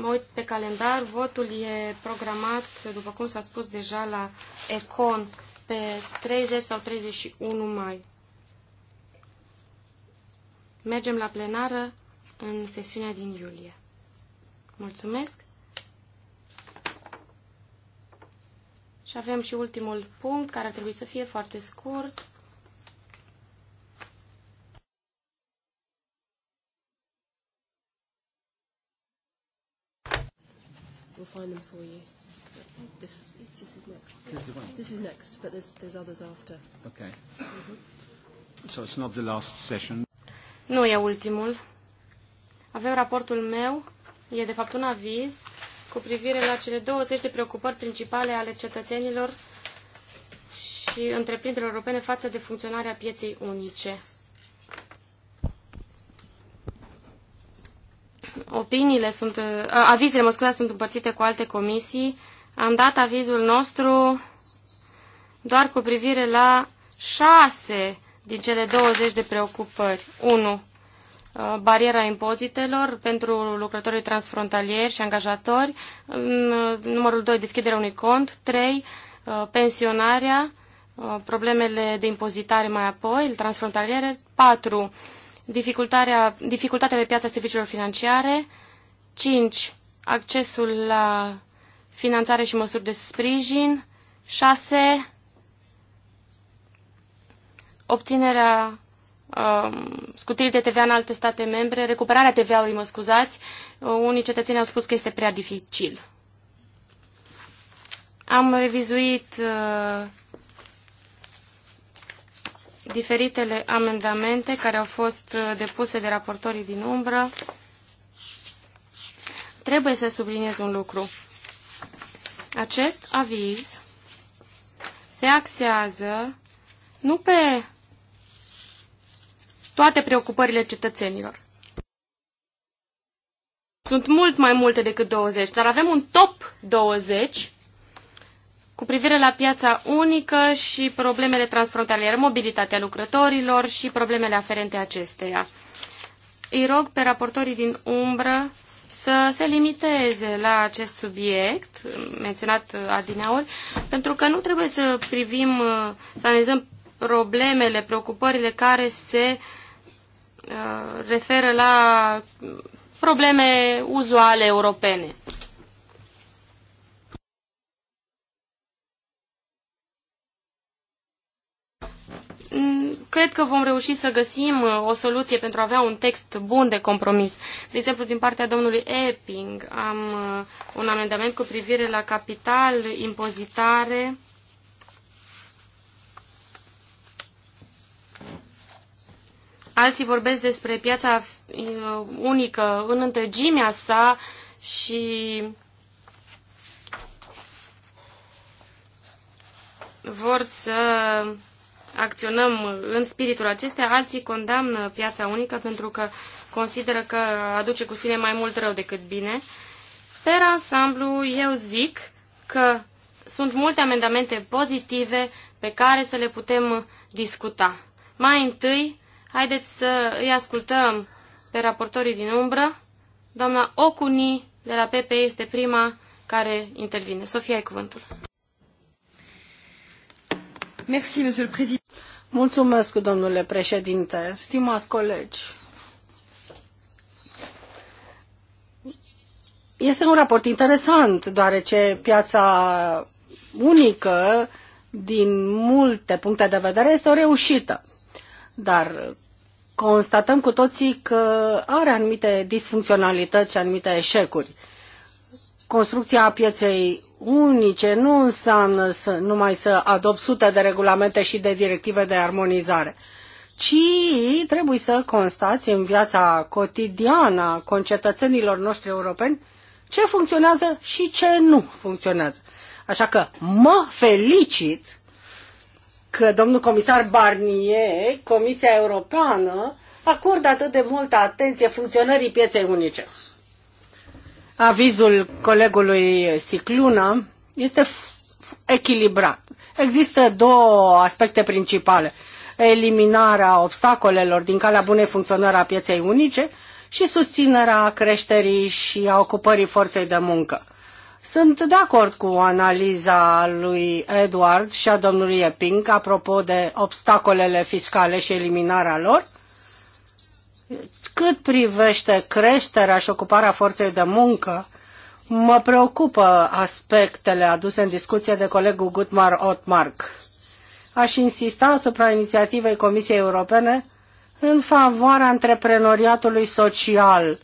Mă uit pe calendar. Votul e programat, după cum s-a spus deja, la Econ pe 30 sau 31 mai. Mergem la plenară în sesiunea din iulie. Mulțumesc! Și avem și ultimul punct, care ar trebui să fie foarte scurt. We'll find them for you. This, this is next. This is the one. This is next, but there's, there's others after. Okay. Mm-hmm. So it's not the last session. Nu e ultimul. Avem raportul meu, e de fapt un aviz, cu privire la cele 20 de preocupări principale ale cetățenilor și întreprinderilor europene față de funcționarea pieței unice. opiniile sunt, uh, avizele, mă scuze, sunt împărțite cu alte comisii. Am dat avizul nostru doar cu privire la șase din cele 20 de preocupări. 1. Uh, bariera impozitelor pentru lucrătorii transfrontalieri și angajatori. Uh, numărul 2. Deschiderea unui cont. 3. Pensionarea. Problemele de impozitare mai apoi, transfrontaliere. 4 dificultarea, dificultatea pe piața serviciilor financiare, 5. Accesul la finanțare și măsuri de sprijin, 6. Obținerea uh, scutirii de TVA în alte state membre, recuperarea TVA-ului, mă scuzați, uh, unii cetățeni au spus că este prea dificil. Am revizuit uh, diferitele amendamente care au fost uh, depuse de raportorii din umbră, trebuie să subliniez un lucru. Acest aviz se axează nu pe toate preocupările cetățenilor. Sunt mult mai multe decât 20, dar avem un top 20 cu privire la piața unică și problemele transfrontaliere, mobilitatea lucrătorilor și problemele aferente acesteia. Îi rog pe raportorii din umbră să se limiteze la acest subiect menționat uh, adineauri, pentru că nu trebuie să privim, uh, să analizăm problemele, preocupările care se uh, referă la probleme uzuale europene. Mm, cred că vom reuși să găsim uh, o soluție pentru a avea un text bun de compromis. De exemplu, din partea domnului Epping am uh, un amendament cu privire la capital, impozitare. Alții vorbesc despre piața uh, unică în întregimea sa și vor să acționăm în spiritul acesta, alții condamnă piața unică pentru că consideră că aduce cu sine mai mult rău decât bine. Pe ansamblu, eu zic că sunt multe amendamente pozitive pe care să le putem discuta. Mai întâi, haideți să îi ascultăm pe raportorii din umbră. Doamna Ocuni de la PP este prima care intervine. Sofia, ai cuvântul. Mulțumesc, domnule președinte. Stimați colegi, este un raport interesant, deoarece piața unică, din multe puncte de vedere, este o reușită. Dar constatăm cu toții că are anumite disfuncționalități și anumite eșecuri construcția pieței unice nu înseamnă să, numai să adopt sute de regulamente și de directive de armonizare, ci trebuie să constați în viața cotidiană a concetățenilor noștri europeni ce funcționează și ce nu funcționează. Așa că mă felicit că domnul comisar Barnier, Comisia Europeană, acordă atât de multă atenție funcționării pieței unice avizul colegului Sicluna este echilibrat. Există două aspecte principale. Eliminarea obstacolelor din calea bunei funcționări a pieței unice și susținerea creșterii și a ocupării forței de muncă. Sunt de acord cu analiza lui Edward și a domnului Epping apropo de obstacolele fiscale și eliminarea lor. Cât privește creșterea și ocuparea forței de muncă, mă preocupă aspectele aduse în discuție de colegul Gutmar Otmark. Aș insista asupra inițiativei Comisiei Europene în favoarea antreprenoriatului social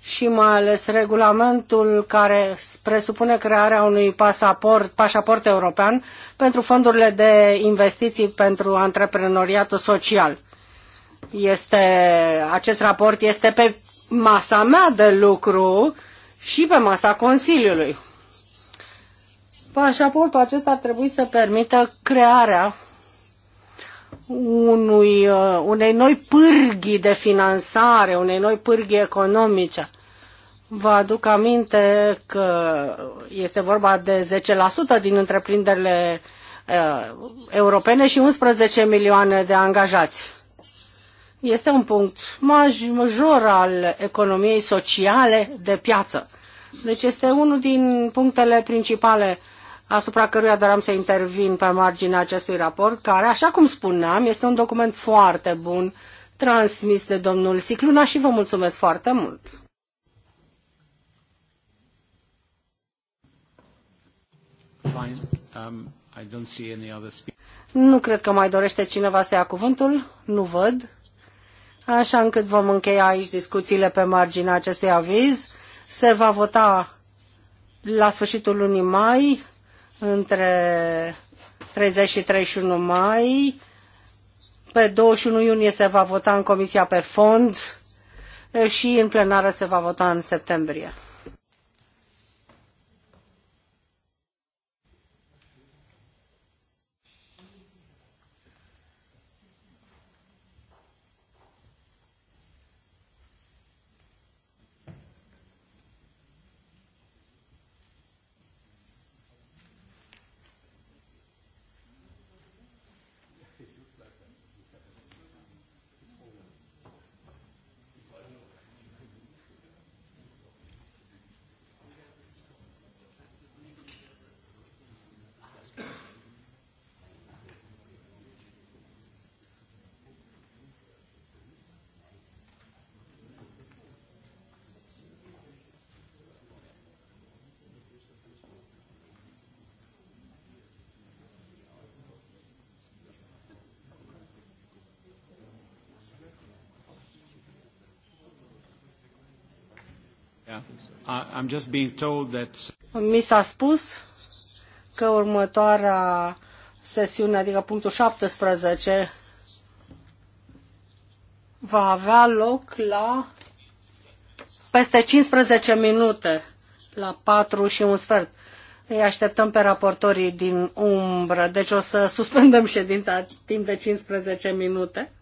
și mai ales regulamentul care presupune crearea unui pasaport, pașaport european pentru fondurile de investiții pentru antreprenoriatul social. Este, acest raport este pe masa mea de lucru și pe masa Consiliului. Pașaportul acesta ar trebui să permită crearea unui, uh, unei noi pârghii de finanțare, unei noi pârghii economice. Vă aduc aminte că este vorba de 10% din întreprinderile uh, europene și 11 milioane de angajați este un punct major al economiei sociale de piață. Deci este unul din punctele principale asupra căruia doream să intervin pe marginea acestui raport, care, așa cum spuneam, este un document foarte bun transmis de domnul Sicluna și vă mulțumesc foarte mult. Um, nu cred că mai dorește cineva să ia cuvântul. Nu văd așa încât vom încheia aici discuțiile pe marginea acestui aviz. Se va vota la sfârșitul lunii mai, între 30 și 31 mai. Pe 21 iunie se va vota în Comisia pe Fond și în plenară se va vota în septembrie. I'm just being told that... Mi s-a spus că următoarea sesiune, adică punctul 17, va avea loc la peste 15 minute, la 4 și un sfert. Îi așteptăm pe raportorii din umbră, deci o să suspendăm ședința timp de 15 minute.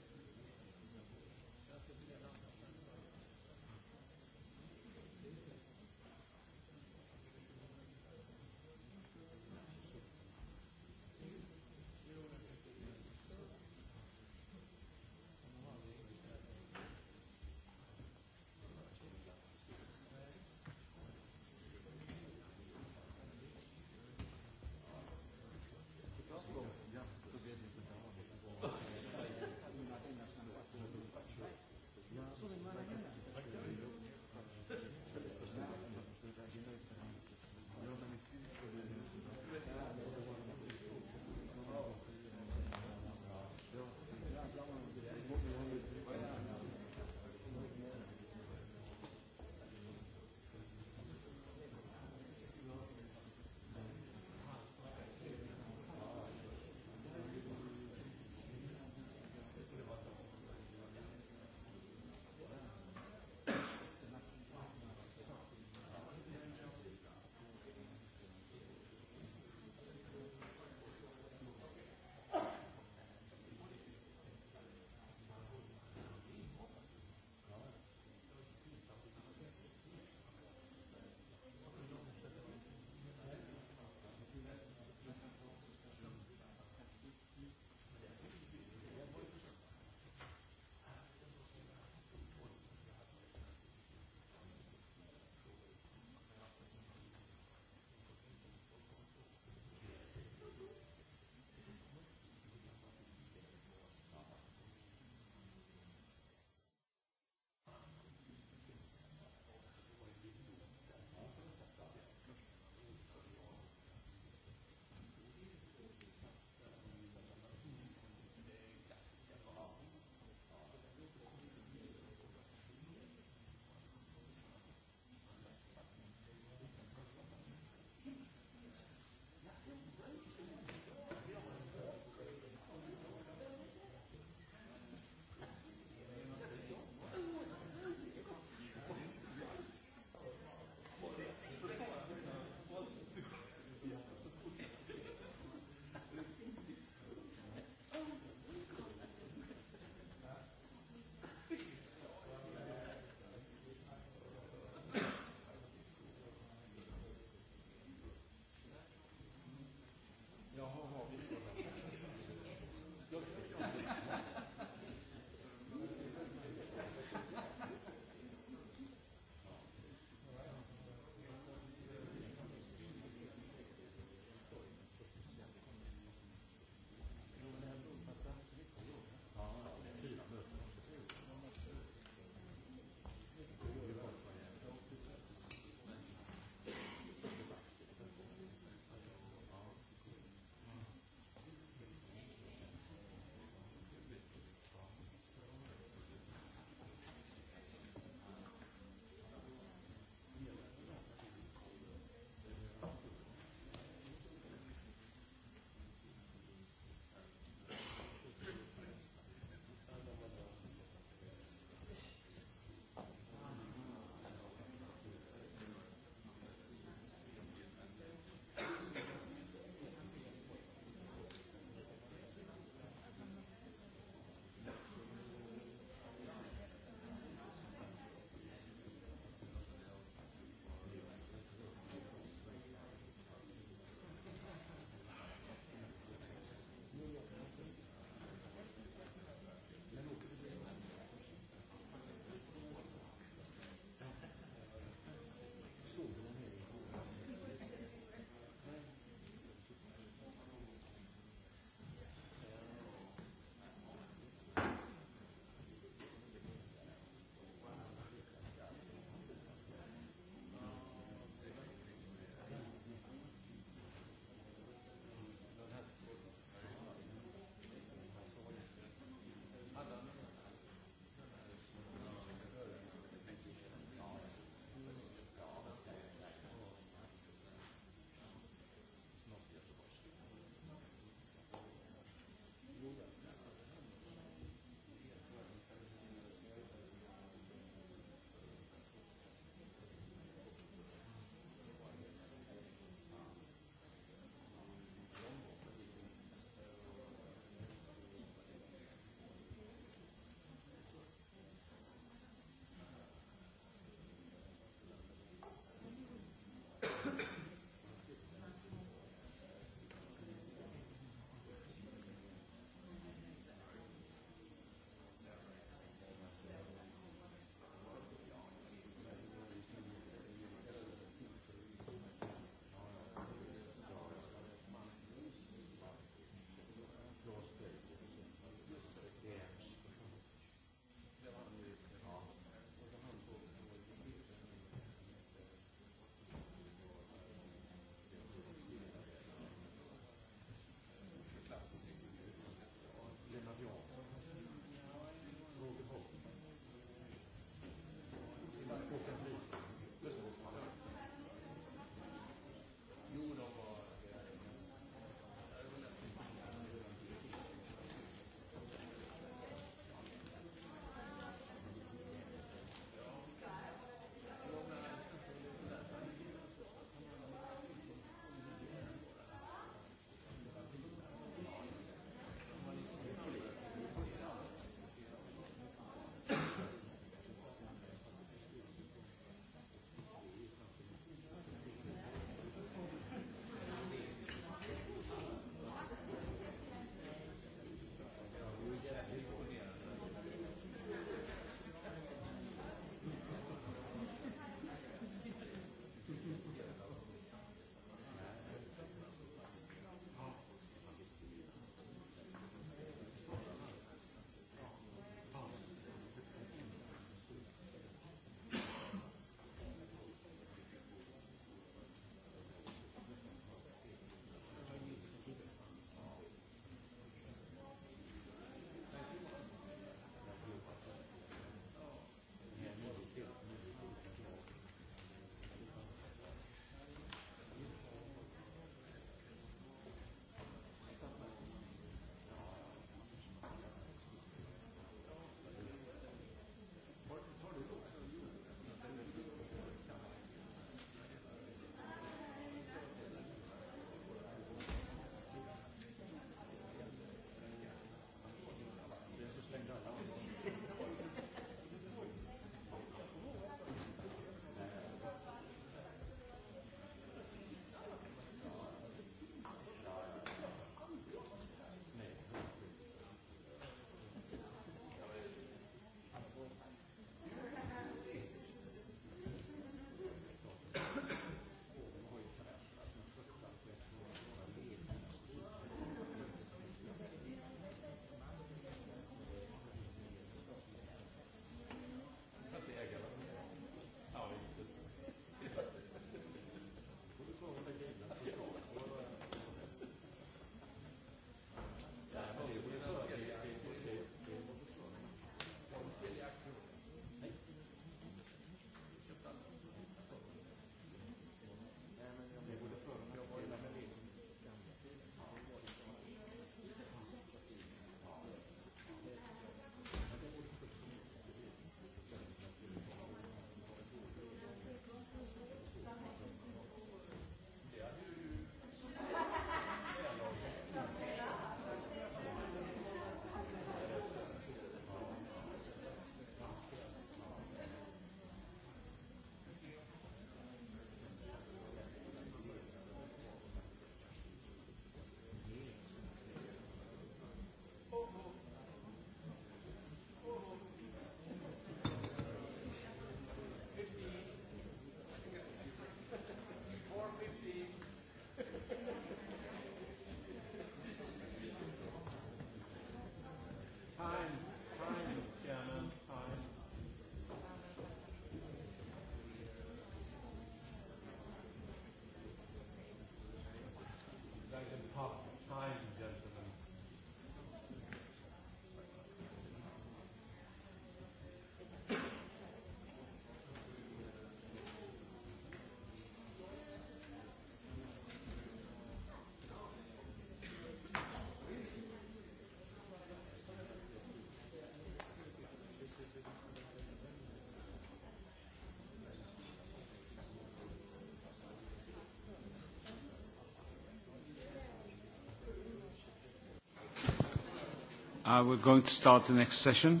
Uh, we're going to start the next session.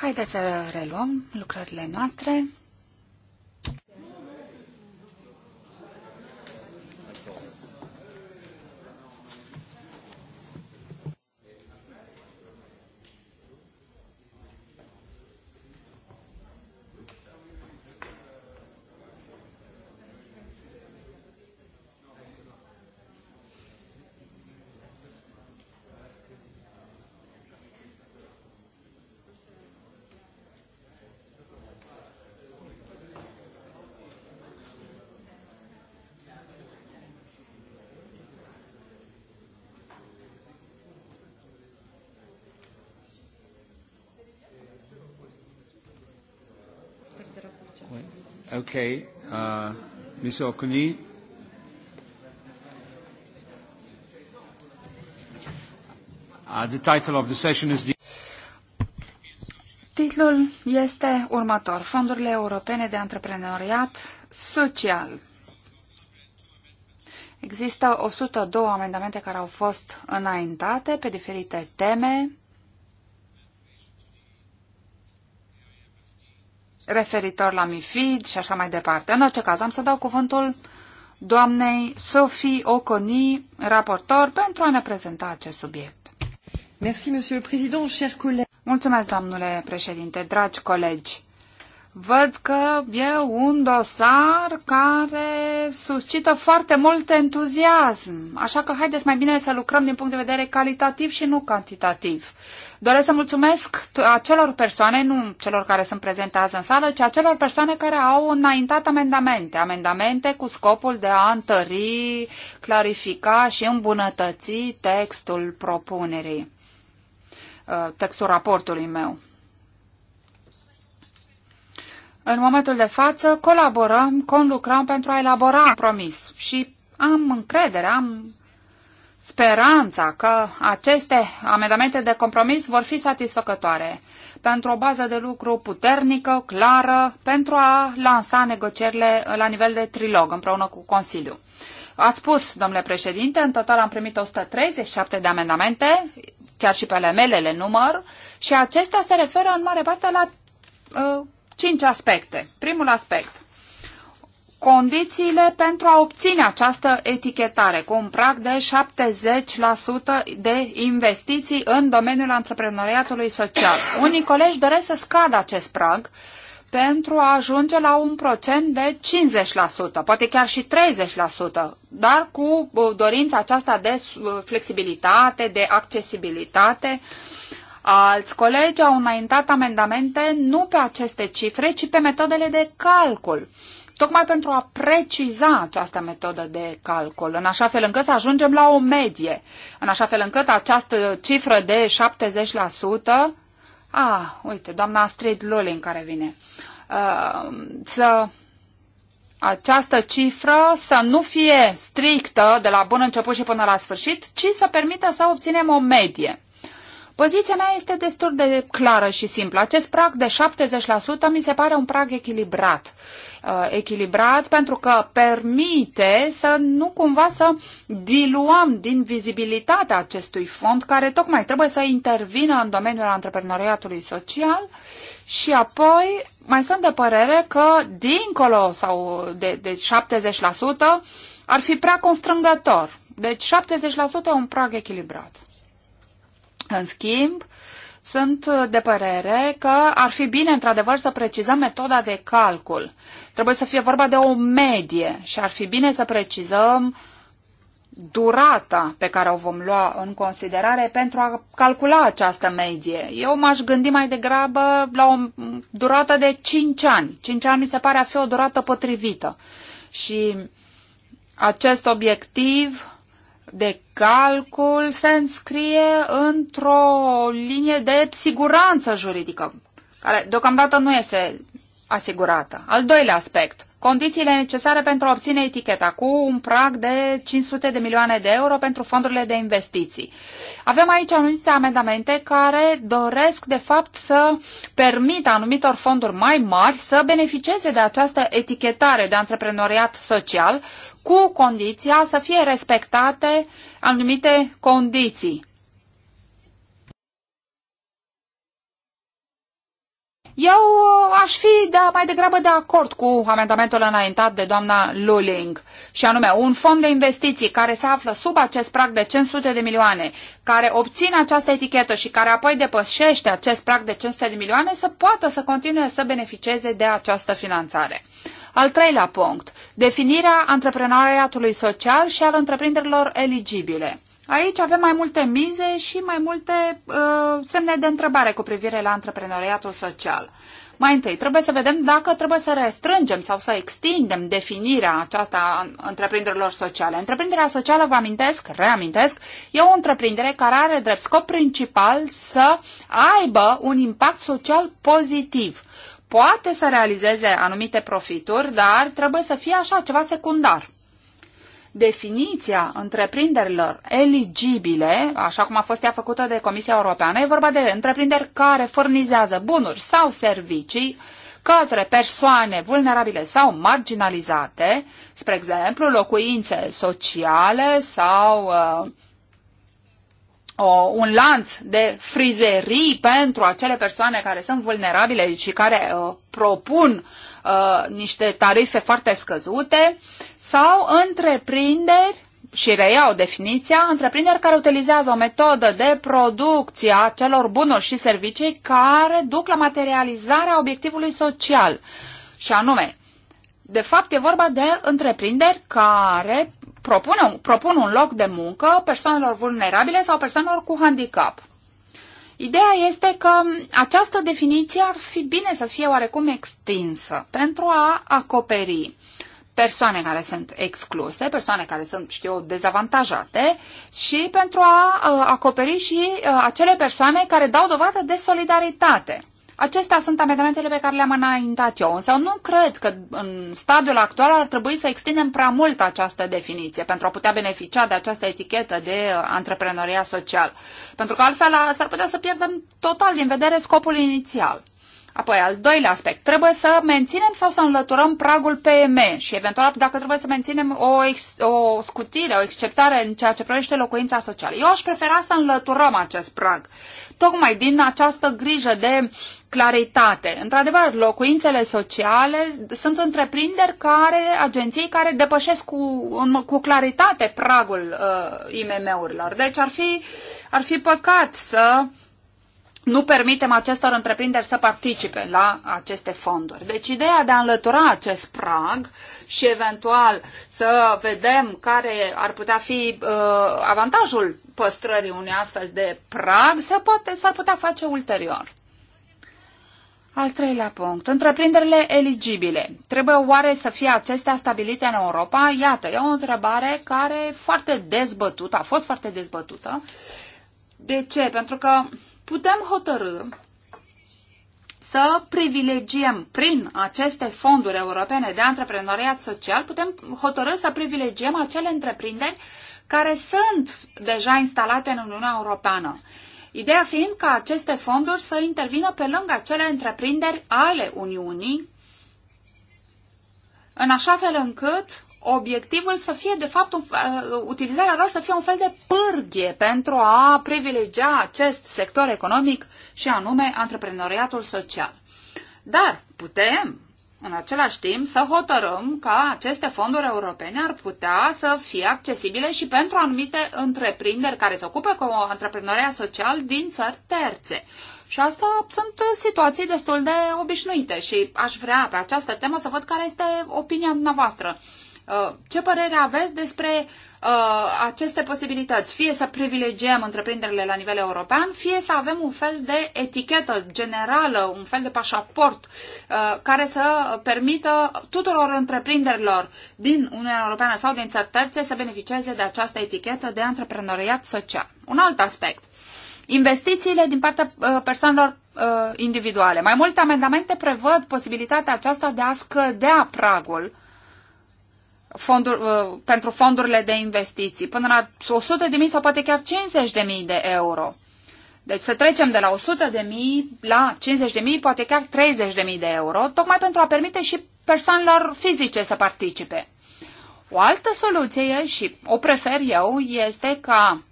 Haideți să reluăm lucrările noastre. Okay. Uh, Ms. Okuni. Uh, the title of the session is the... Titlul este următor. Fondurile europene de antreprenoriat social. Există 102 amendamente care au fost înaintate pe diferite teme referitor la MIFID și așa mai departe. În orice caz, am să dau cuvântul doamnei Sophie Oconi, raportor, pentru a ne prezenta acest subiect. Merci, Mulțumesc, domnule președinte, dragi colegi văd că e un dosar care suscită foarte mult entuziasm. Așa că haideți mai bine să lucrăm din punct de vedere calitativ și nu cantitativ. Doresc să mulțumesc acelor persoane, nu celor care sunt prezente azi în sală, ci acelor persoane care au înaintat amendamente. Amendamente cu scopul de a întări, clarifica și îmbunătăți textul propunerii, uh, textul raportului meu. În momentul de față colaborăm, conlucrăm pentru a elabora promis și am încredere, am speranța că aceste amendamente de compromis vor fi satisfăcătoare pentru o bază de lucru puternică, clară, pentru a lansa negocierile la nivel de trilog împreună cu Consiliul. Ați spus, domnule președinte, în total am primit 137 de amendamente, chiar și pe ale mele le număr, și acestea se referă în mare parte la uh, cinci aspecte. Primul aspect, condițiile pentru a obține această etichetare cu un prag de 70% de investiții în domeniul antreprenoriatului social. Unii colegi doresc să scadă acest prag pentru a ajunge la un procent de 50%, poate chiar și 30%, dar cu uh, dorința aceasta de uh, flexibilitate, de accesibilitate Alți colegi au înaintat amendamente nu pe aceste cifre, ci pe metodele de calcul tocmai pentru a preciza această metodă de calcul, în așa fel încât să ajungem la o medie, în așa fel încât această cifră de 70%, a, uite, doamna Astrid în care vine, să această cifră să nu fie strictă de la bun început și până la sfârșit, ci să permită să obținem o medie. Poziția mea este destul de clară și simplă. Acest prag de 70% mi se pare un prag echilibrat. Uh, echilibrat pentru că permite să nu cumva să diluăm din vizibilitatea acestui fond care tocmai trebuie să intervină în domeniul antreprenoriatului social și apoi mai sunt de părere că dincolo sau de, de 70% ar fi prea constrângător. Deci 70% e un prag echilibrat. În schimb, sunt de părere că ar fi bine, într-adevăr, să precizăm metoda de calcul. Trebuie să fie vorba de o medie și ar fi bine să precizăm durata pe care o vom lua în considerare pentru a calcula această medie. Eu m-aș gândi mai degrabă la o durată de 5 ani. 5 ani mi se pare a fi o durată potrivită. Și acest obiectiv de calcul se înscrie într-o linie de siguranță juridică, care deocamdată nu este asigurată. Al doilea aspect, condițiile necesare pentru a obține eticheta cu un prag de 500 de milioane de euro pentru fondurile de investiții. Avem aici anumite amendamente care doresc, de fapt, să permită anumitor fonduri mai mari să beneficieze de această etichetare de antreprenoriat social cu condiția să fie respectate anumite condiții. Eu aș fi de, da, mai degrabă de acord cu amendamentul înaintat de doamna Luling, și anume un fond de investiții care se află sub acest prag de 500 de milioane, care obține această etichetă și care apoi depășește acest prag de 500 de milioane, să poată să continue să beneficieze de această finanțare. Al treilea punct, definirea antreprenoriatului social și al întreprinderilor eligibile. Aici avem mai multe mize și mai multe uh, semne de întrebare cu privire la antreprenoriatul social. Mai întâi, trebuie să vedem dacă trebuie să restrângem sau să extindem definirea aceasta a întreprinderilor sociale. Întreprinderea socială, vă amintesc, reamintesc, e o întreprindere care are drept scop principal să aibă un impact social pozitiv poate să realizeze anumite profituri, dar trebuie să fie așa ceva secundar. Definiția întreprinderilor eligibile, așa cum a fost ea făcută de Comisia Europeană, e vorba de întreprinderi care furnizează bunuri sau servicii către persoane vulnerabile sau marginalizate, spre exemplu locuințe sociale sau uh, o, un lanț de frizerii pentru acele persoane care sunt vulnerabile și care uh, propun uh, niște tarife foarte scăzute sau întreprinderi și reiau definiția, întreprinderi care utilizează o metodă de producție a celor bunuri și servicii care duc la materializarea obiectivului social. Și anume, de fapt e vorba de întreprinderi care propune, propun un loc de muncă persoanelor vulnerabile sau persoanelor cu handicap. Ideea este că această definiție ar fi bine să fie oarecum extinsă pentru a acoperi persoane care sunt excluse, persoane care sunt, știu eu, dezavantajate și pentru a uh, acoperi și uh, acele persoane care dau dovadă de solidaritate. Acestea sunt amendamentele pe care le-am înaintat eu, însă nu cred că în stadiul actual ar trebui să extindem prea mult această definiție pentru a putea beneficia de această etichetă de uh, antreprenoria social, pentru că altfel s-ar putea să pierdem total din vedere scopul inițial. Apoi, al doilea aspect, trebuie să menținem sau să înlăturăm pragul PM și eventual dacă trebuie să menținem o, ex, o scutire, o exceptare în ceea ce privește locuința socială. Eu aș prefera să înlăturăm acest prag, tocmai din această grijă de claritate. Într-adevăr, locuințele sociale sunt întreprinderi care, agenții care depășesc cu, cu claritate pragul uh, IMM-urilor. Deci ar fi, ar fi păcat să nu permitem acestor întreprinderi să participe la aceste fonduri. Deci ideea de a înlătura acest prag și eventual să vedem care ar putea fi uh, avantajul păstrării unui astfel de prag, se poate, s-ar putea face ulterior. Al treilea punct. Întreprinderile eligibile. Trebuie oare să fie acestea stabilite în Europa? Iată, e o întrebare care e foarte dezbătută, a fost foarte dezbătută. De ce? Pentru că putem hotărâ să privilegiem prin aceste fonduri europene de antreprenoriat social, putem hotărâ să privilegiem acele întreprinderi care sunt deja instalate în Uniunea Europeană. Uh, Ideea fiind ca aceste fonduri să intervină pe lângă acele întreprinderi ale Uniunii, în așa fel încât obiectivul să fie, de fapt, uh, utilizarea lor să fie un fel de pârghie pentru a privilegia acest sector economic și anume antreprenoriatul social. Dar putem în același timp să hotărâm că aceste fonduri europene ar putea să fie accesibile și pentru anumite întreprinderi care se ocupă cu antreprenoria social din țări terțe. Și asta sunt situații destul de obișnuite și aș vrea pe această temă să văd care este opinia dumneavoastră. Uh, ce părere aveți despre uh, aceste posibilități? Fie să privilegiem întreprinderile la nivel european, fie să avem un fel de etichetă generală, un fel de pașaport uh, care să permită tuturor întreprinderilor din Uniunea Europeană sau din țări terțe să beneficieze de această etichetă de antreprenoriat social. Un alt aspect investițiile din partea persoanelor individuale. Mai multe amendamente prevăd posibilitatea aceasta de a scădea pragul Uh, pentru fondurile de investiții, până la 100.000 sau poate chiar 50.000 de euro. Deci să trecem de la 100.000 la 50.000, poate chiar 30.000 de euro, tocmai pentru a permite și persoanelor fizice să participe. O altă soluție, și o prefer eu, este ca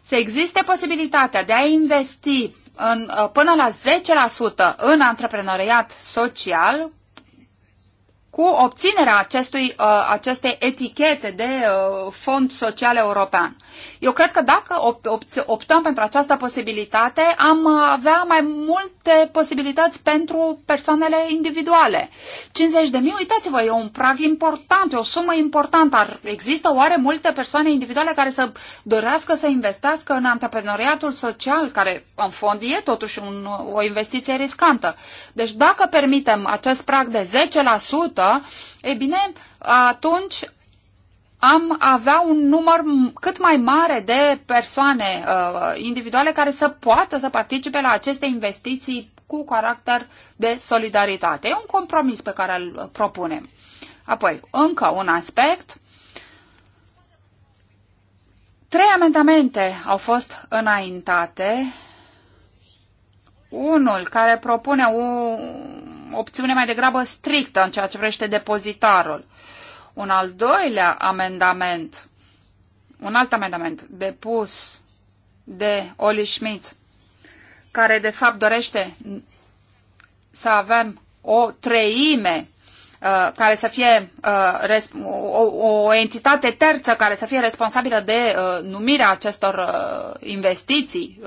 să existe posibilitatea de a investi în, uh, până la 10% în antreprenoriat social cu obținerea acestui, uh, acestei etichete de uh, fond social european. Eu cred că dacă optăm pentru această posibilitate, am uh, avea mai multe posibilități pentru persoanele individuale. 50 de mii, uitați-vă, e un prag important, e o sumă importantă. există oare multe persoane individuale care să dorească să investească în antreprenoriatul social, care în fond e totuși un, o investiție riscantă. Deci dacă permitem acest prag de 10%, e bine, atunci am avea un număr cât mai mare de persoane uh, individuale care să poată să participe la aceste investiții cu caracter de solidaritate. E un compromis pe care îl propunem. Apoi, încă un aspect. Trei amendamente au fost înaintate. Unul care propune un, opțiune mai degrabă strictă în ceea ce vrește depozitarul. Un al doilea amendament, un alt amendament depus de Oli Schmidt, care de fapt dorește să avem o treime uh, care să fie uh, o, entitate terță care să fie responsabilă de uh, numirea acestor investiții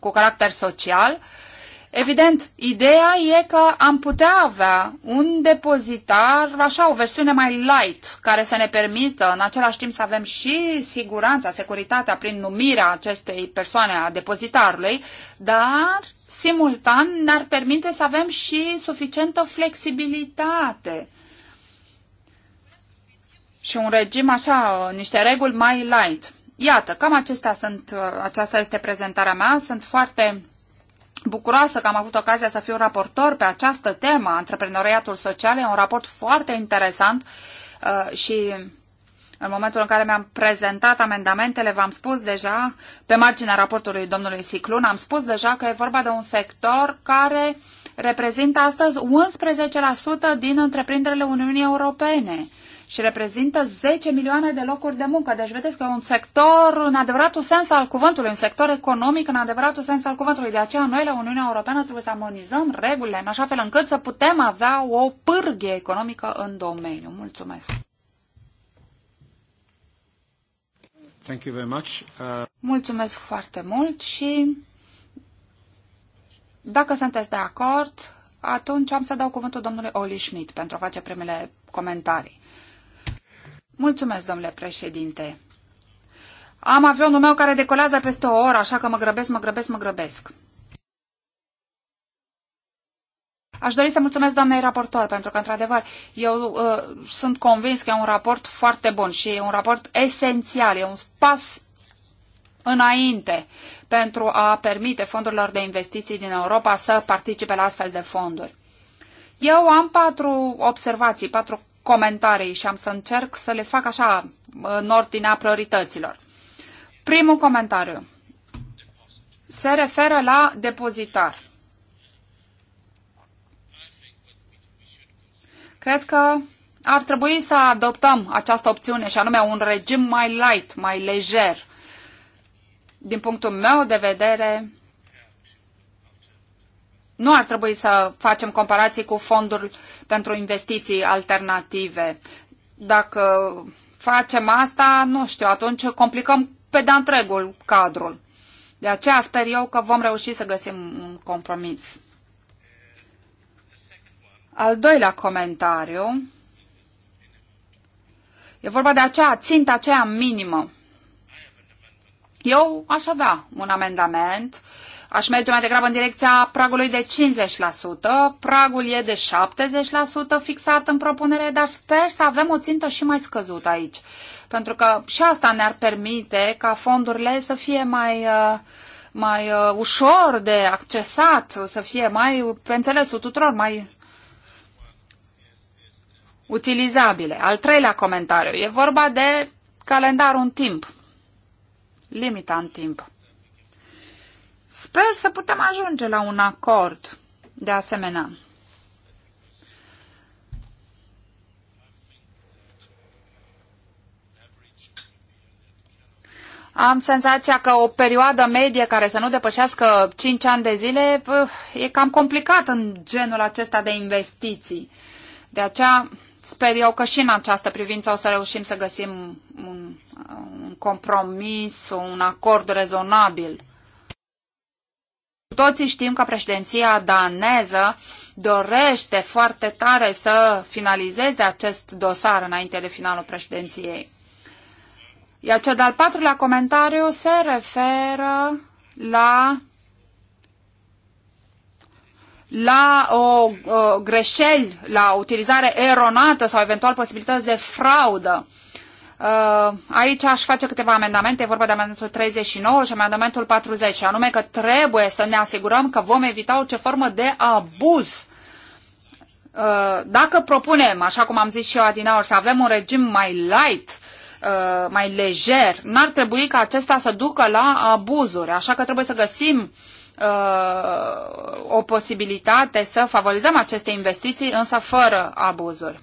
cu caracter social, Evident, ideea e că am putea avea un depozitar, așa, o versiune mai light, care să ne permită în același timp să avem și siguranța, securitatea prin numirea acestei persoane a depozitarului, dar simultan ne-ar permite să avem și suficientă flexibilitate și un regim așa, niște reguli mai light. Iată, cam acestea sunt, aceasta este prezentarea mea, sunt foarte bucuroasă că am avut ocazia să fiu raportor pe această temă, antreprenoriatul social. E un raport foarte interesant uh, și în momentul în care mi-am prezentat amendamentele, v-am spus deja, pe marginea raportului domnului Siclun, am spus deja că e vorba de un sector care reprezintă astăzi 11% din întreprinderile Uniunii Europene și reprezintă 10 milioane de locuri de muncă. Deci vedeți că e un sector în adevăratul sens al cuvântului, un sector economic în adevăratul sens al cuvântului. De aceea noi la Uniunea Europeană trebuie să armonizăm regulile în așa fel încât să putem avea o pârghie economică în domeniu. Mulțumesc! Thank you very much. Uh... Mulțumesc foarte mult și dacă sunteți de acord, atunci am să dau cuvântul domnului Oli Schmidt pentru a face primele comentarii. Mulțumesc, domnule președinte. Am avionul meu care decolează peste o oră, așa că mă grăbesc, mă grăbesc, mă grăbesc. Aș dori să mulțumesc doamnei raportor, pentru că, într-adevăr, eu uh, sunt convins că e un raport foarte bun și e un raport esențial, e un pas înainte pentru a permite fondurilor de investiții din Europa să participe la astfel de fonduri. Eu am patru observații, patru comentarii și am să încerc să le fac așa în ordinea priorităților. Primul comentariu se referă la depozitar. Cred că ar trebui să adoptăm această opțiune și anume un regim mai light, mai lejer. Din punctul meu de vedere, nu ar trebui să facem comparații cu fondul pentru investiții alternative. Dacă facem asta, nu știu, atunci complicăm pe de întregul cadrul. De aceea sper eu că vom reuși să găsim un compromis. Al doilea comentariu e vorba de acea țintă aceea minimă. Eu aș avea un amendament Aș merge mai degrabă în direcția pragului de 50%. Pragul e de 70% fixat în propunere, dar sper să avem o țintă și mai scăzută aici. Pentru că și asta ne-ar permite ca fondurile să fie mai uh, mai uh, ușor de accesat, să fie mai, pe înțelesul tuturor, mai utilizabile. Al treilea comentariu. E vorba de calendarul în timp. Limita în timp. Sper să putem ajunge la un acord de asemenea. Am senzația că o perioadă medie care să nu depășească 5 ani de zile e cam complicat în genul acesta de investiții. De aceea sper eu că și în această privință o să reușim să găsim un, un compromis, un acord rezonabil toții știm că președinția daneză dorește foarte tare să finalizeze acest dosar înainte de finalul președinției. Iar cel de-al patrulea comentariu se referă la la o, o greșeli, la utilizare eronată sau eventual posibilități de fraudă. Uh, Uh, aici aș face câteva amendamente, e vorba de amendamentul 39 și amendamentul 40, anume că trebuie să ne asigurăm că vom evita orice formă de abuz. Uh, dacă propunem, așa cum am zis și eu adinaur, să avem un regim mai light, uh, mai lejer, n-ar trebui ca acesta să ducă la abuzuri, așa că trebuie să găsim o posibilitate să favorizăm aceste investiții, însă fără abuzuri.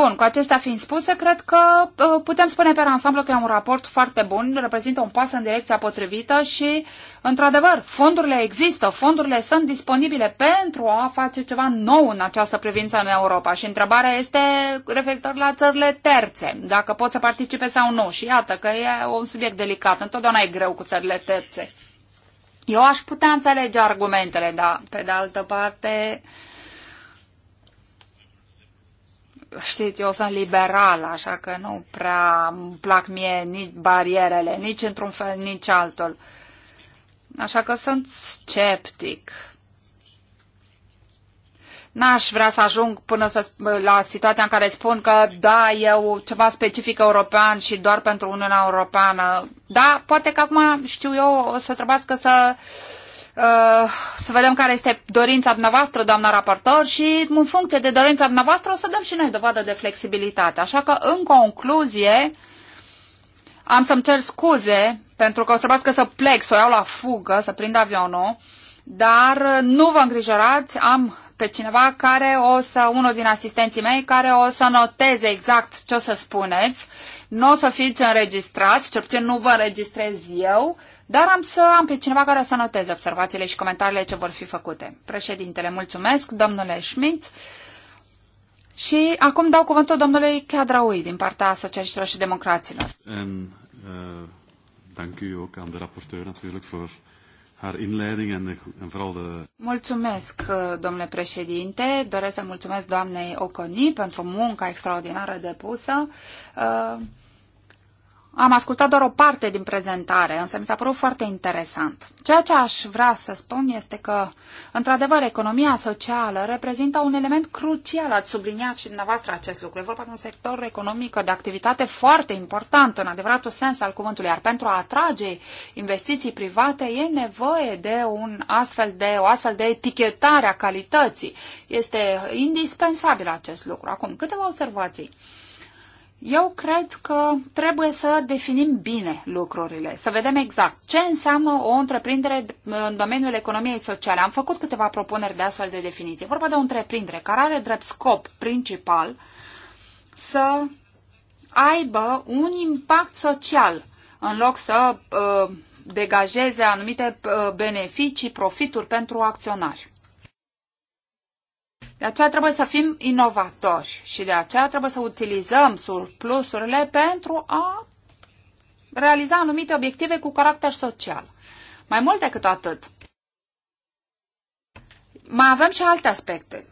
Bun, cu acestea fiind spuse, cred că uh, putem spune pe ansamblu că e un raport foarte bun, reprezintă un pas în direcția potrivită și, într-adevăr, fondurile există, fondurile sunt disponibile pentru a face ceva nou în această privință în Europa. Și întrebarea este referitor la țările terțe, dacă pot să participe sau nu. Și iată că e un subiect delicat, întotdeauna e greu cu țările terțe. Eu aș putea înțelege argumentele, dar, pe de altă parte, uh, știți, eu sunt liberală, așa că nu prea îmi plac mie nici barierele, nici într-un fel, nici altul. Așa că sunt sceptic. N-aș vrea să ajung până să, la situația în care spun că da, eu ceva specific european și doar pentru Uniunea Europeană. Da, poate că acum, știu eu, o să trebuiască să uh, Uh, să vedem care este dorința dumneavoastră, doamna raportor, și în funcție de dorința dumneavoastră o să dăm și noi dovadă de flexibilitate. Așa că, în concluzie, am să-mi cer scuze pentru că o să trebuiască să plec, să o iau la fugă, să prind avionul, dar nu vă îngrijorați, am pe cineva care o să, unul din asistenții mei, care o să noteze exact ce o să spuneți. Nu o să fiți înregistrați, cel puțin nu vă înregistrez eu, dar am să am pe cineva care să noteze observațiile și comentariile ce vor fi făcute. Președintele, mulțumesc, domnule Schmidt. Și acum dau cuvântul domnului Chiadraui din partea Socialiștilor și Democraților. Uh, uh, mulțumesc, uh, domnule președinte. Doresc să mulțumesc doamnei Oconi pentru munca extraordinară depusă. Uh, am ascultat doar o parte din prezentare, însă mi s-a părut foarte interesant. Ceea ce aș vrea să spun este că, într-adevăr, economia socială reprezintă un element crucial, ați subliniat și dumneavoastră acest lucru. E vorba de un sector economic de activitate foarte important, în adevăratul sens al cuvântului, iar pentru a atrage investiții private e nevoie de un astfel de, o astfel de etichetare a calității. Este indispensabil acest lucru. Acum, câteva observații. Eu cred că trebuie să definim bine lucrurile, să vedem exact ce înseamnă o întreprindere în domeniul economiei sociale. Am făcut câteva propuneri de astfel de definiție. Vorba de o întreprindere care are drept scop principal să aibă un impact social în loc să uh, degajeze anumite uh, beneficii, profituri pentru acționari. De aceea trebuie să fim inovatori și de aceea trebuie să utilizăm surplusurile pentru a realiza anumite obiective cu caracter social. Mai mult decât atât, mai avem și alte aspecte.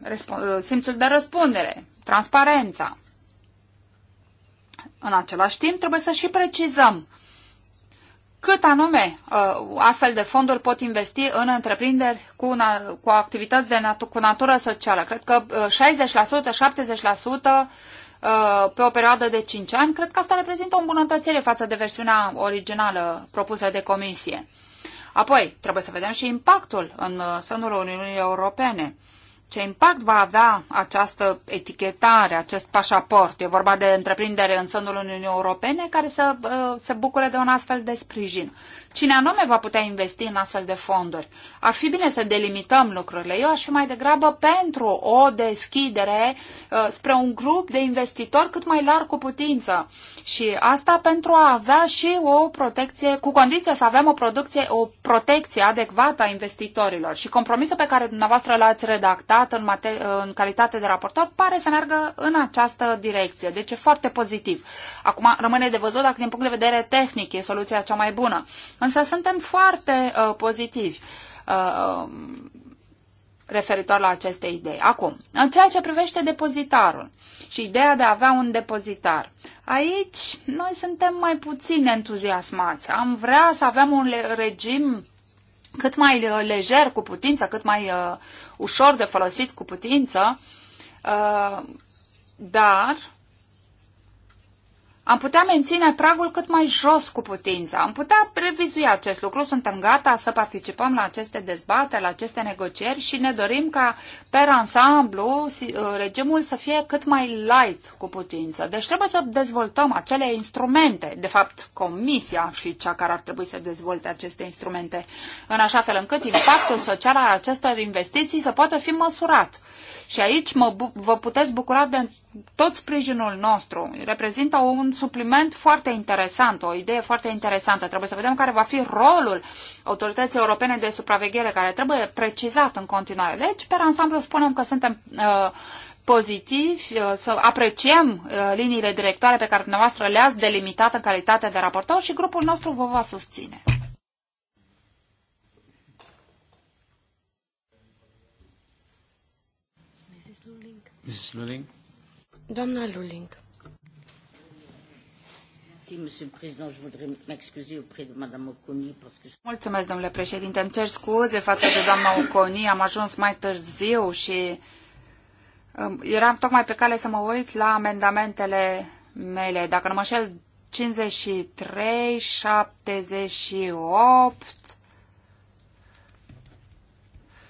Simțul de răspundere, transparența. În același timp, trebuie să și precizăm cât anume uh, astfel de fonduri pot investi în întreprinderi cu, una, cu activități de cu natură socială. Cred că 60%, uh, 70% uh, pe o perioadă de 5 ani, cred că asta reprezintă o îmbunătățire față de versiunea originală propusă de comisie. Apoi, trebuie să vedem și impactul în sânul Uniunii Europene. Ce impact va avea această etichetare, acest pașaport? E vorba de întreprindere în sânul Uniunii Europene care să uh, se bucure de un astfel de sprijin. Cine anume va putea investi în astfel de fonduri? Ar fi bine să delimităm lucrurile. Eu aș fi mai degrabă pentru o deschidere uh, spre un grup de investitori cât mai larg cu putință. Și asta pentru a avea și o protecție, cu condiția să avem o, producție, o protecție adecvată a investitorilor. Și compromisul pe care dumneavoastră l-ați redactat mandat în, în calitate de raportor pare să meargă în această direcție, deci e foarte pozitiv. Acum rămâne de văzut dacă din punct de vedere tehnic e soluția cea mai bună, însă suntem foarte uh, pozitivi. Uh, um, referitor la aceste idei. Acum, în ceea ce privește depozitarul și ideea de a avea un depozitar, aici noi suntem mai puțin entuziasmați. Am vrea să avem un regim cât mai uh, lejer cu putință, cât mai uh, ușor de folosit cu putință, uh, dar am putea menține pragul cât mai jos cu putință. Am putea previzui acest lucru. Suntem gata să participăm la aceste dezbateri, la aceste negocieri și ne dorim ca, pe ansamblu, uh, regimul să fie cât mai light cu putință. Deci trebuie să dezvoltăm acele instrumente. De fapt, comisia și cea care ar trebui să dezvolte aceste instrumente în așa fel încât impactul social al acestor investiții să poată fi măsurat. Și aici mă, vă puteți bucura de tot sprijinul nostru. Reprezintă un supliment foarte interesant, o idee foarte interesantă. Trebuie să vedem care va fi rolul Autorității Europene de Supraveghere, care trebuie precizat în continuare. Deci, pe ansamblu, spunem că suntem uh, pozitivi, uh, să apreciem uh, liniile directoare pe care dumneavoastră le-ați delimitat în calitate de raportor și grupul nostru vă va susține. Mrs. Luling. Doamna Luling. Mulțumesc, domnule președinte. Îmi cer scuze față de doamna Oconi. Am ajuns mai târziu și um, eram tocmai pe cale să mă uit la amendamentele mele. Dacă nu mă șel, 53, 78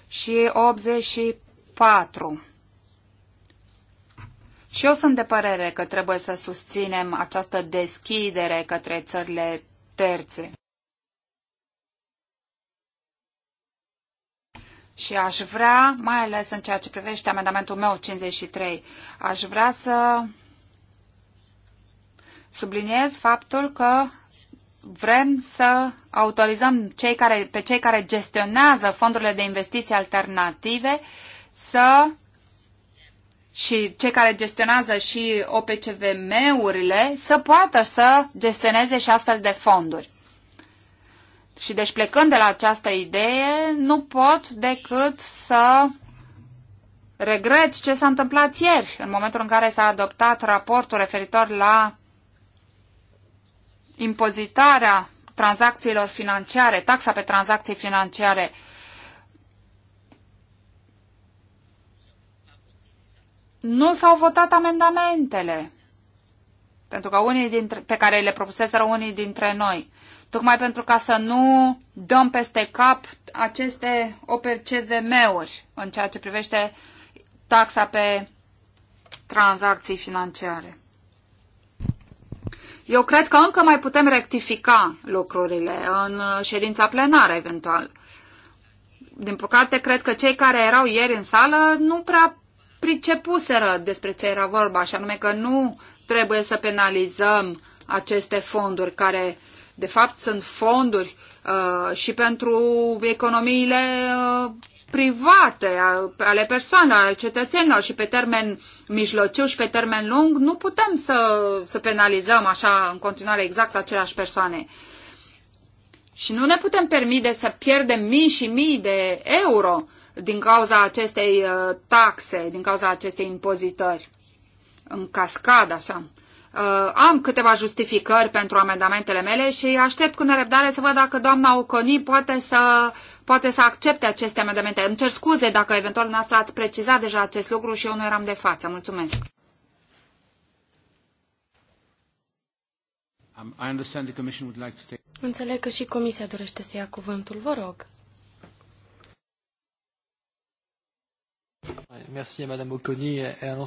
și 84. Și eu sunt de părere că trebuie să susținem această deschidere către țările terțe. Și aș vrea, mai ales în ceea ce privește amendamentul meu 53, aș vrea să subliniez faptul că vrem să autorizăm cei care, pe cei care gestionează fondurile de investiții alternative să și cei care gestionează și OPCVM-urile să poată să gestioneze și astfel de fonduri. Și deci plecând de la această idee, nu pot decât să regret ce s-a întâmplat ieri, în momentul în care s-a adoptat raportul referitor la impozitarea tranzacțiilor financiare, taxa pe tranzacții financiare, nu s-au votat amendamentele pentru că unii dintre, pe care le propuseseră unii dintre noi, tocmai pentru ca să nu dăm peste cap aceste OPCVM-uri în ceea ce privește taxa pe tranzacții financiare. Eu cred că încă mai putem rectifica lucrurile în ședința plenară, eventual. Din păcate, cred că cei care erau ieri în sală nu prea pricepuseră despre ce era vorba, și anume că nu trebuie să penalizăm aceste fonduri care, de fapt, sunt fonduri uh, și pentru economiile uh, private, ale persoanelor, ale cetățenilor și pe termen mijlociu și pe termen lung, nu putem să, să penalizăm așa în continuare exact aceleași persoane. Și nu ne putem permite să pierdem mii și mii de euro uh, din cauza acestei uh, taxe, din cauza acestei impozitări în cascadă, așa. Uh, am câteva justificări pentru amendamentele mele și aștept cu nerăbdare să văd dacă doamna Oconi poate să, poate să accepte aceste amendamente. Îmi cer scuze dacă eventual noastră ați precizat deja acest lucru și eu nu eram de față. Mulțumesc. Um, Înțeleg că și Comisia dorește să ia cuvântul. Vă rog. Merci, Madame Oconi, et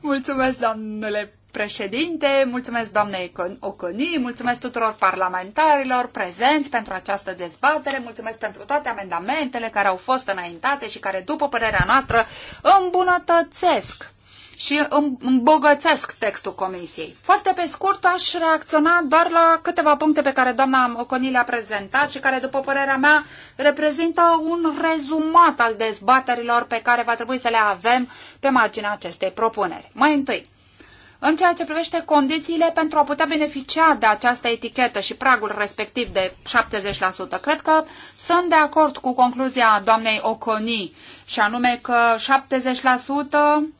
Mulțumesc, domnule președinte, mulțumesc doamnei Oconi, mulțumesc tuturor parlamentarilor prezenți pentru această dezbatere, mulțumesc pentru toate amendamentele care au fost înaintate și care, după părerea noastră, îmbunătățesc și îmbogățesc textul comisiei. Foarte pe scurt aș reacționa doar la câteva puncte pe care doamna Oconi le-a prezentat și care, după părerea mea, reprezintă un rezumat al dezbaterilor pe care va trebui să le avem pe marginea acestei propuneri. Mai întâi, în ceea ce privește condițiile pentru a putea beneficia de această etichetă și pragul respectiv de 70%. Cred că sunt de acord cu concluzia doamnei Oconi și anume că 70%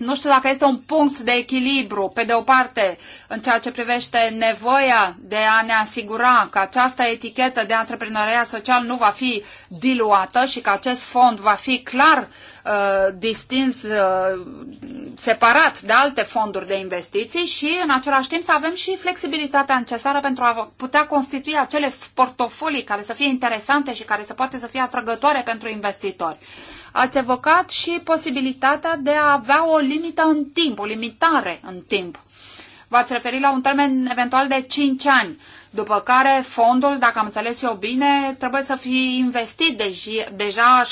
nu știu dacă este un punct de echilibru, pe de o parte, în ceea ce privește nevoia de a ne asigura că această etichetă de antreprenoriat social nu va fi diluată și că acest fond va fi clar uh, distins, uh, separat de alte fonduri de investiții și, în același timp, să avem și flexibilitatea necesară pentru a putea constitui acele portofolii care să fie interesante și care să poate să fie atrăgătoare pentru investitori ați evocat și posibilitatea de a avea o limită în timp, o limitare în timp. V-ați referit la un termen eventual de 5 ani după care fondul, dacă am înțeles eu bine, trebuie să fie investit deji, deja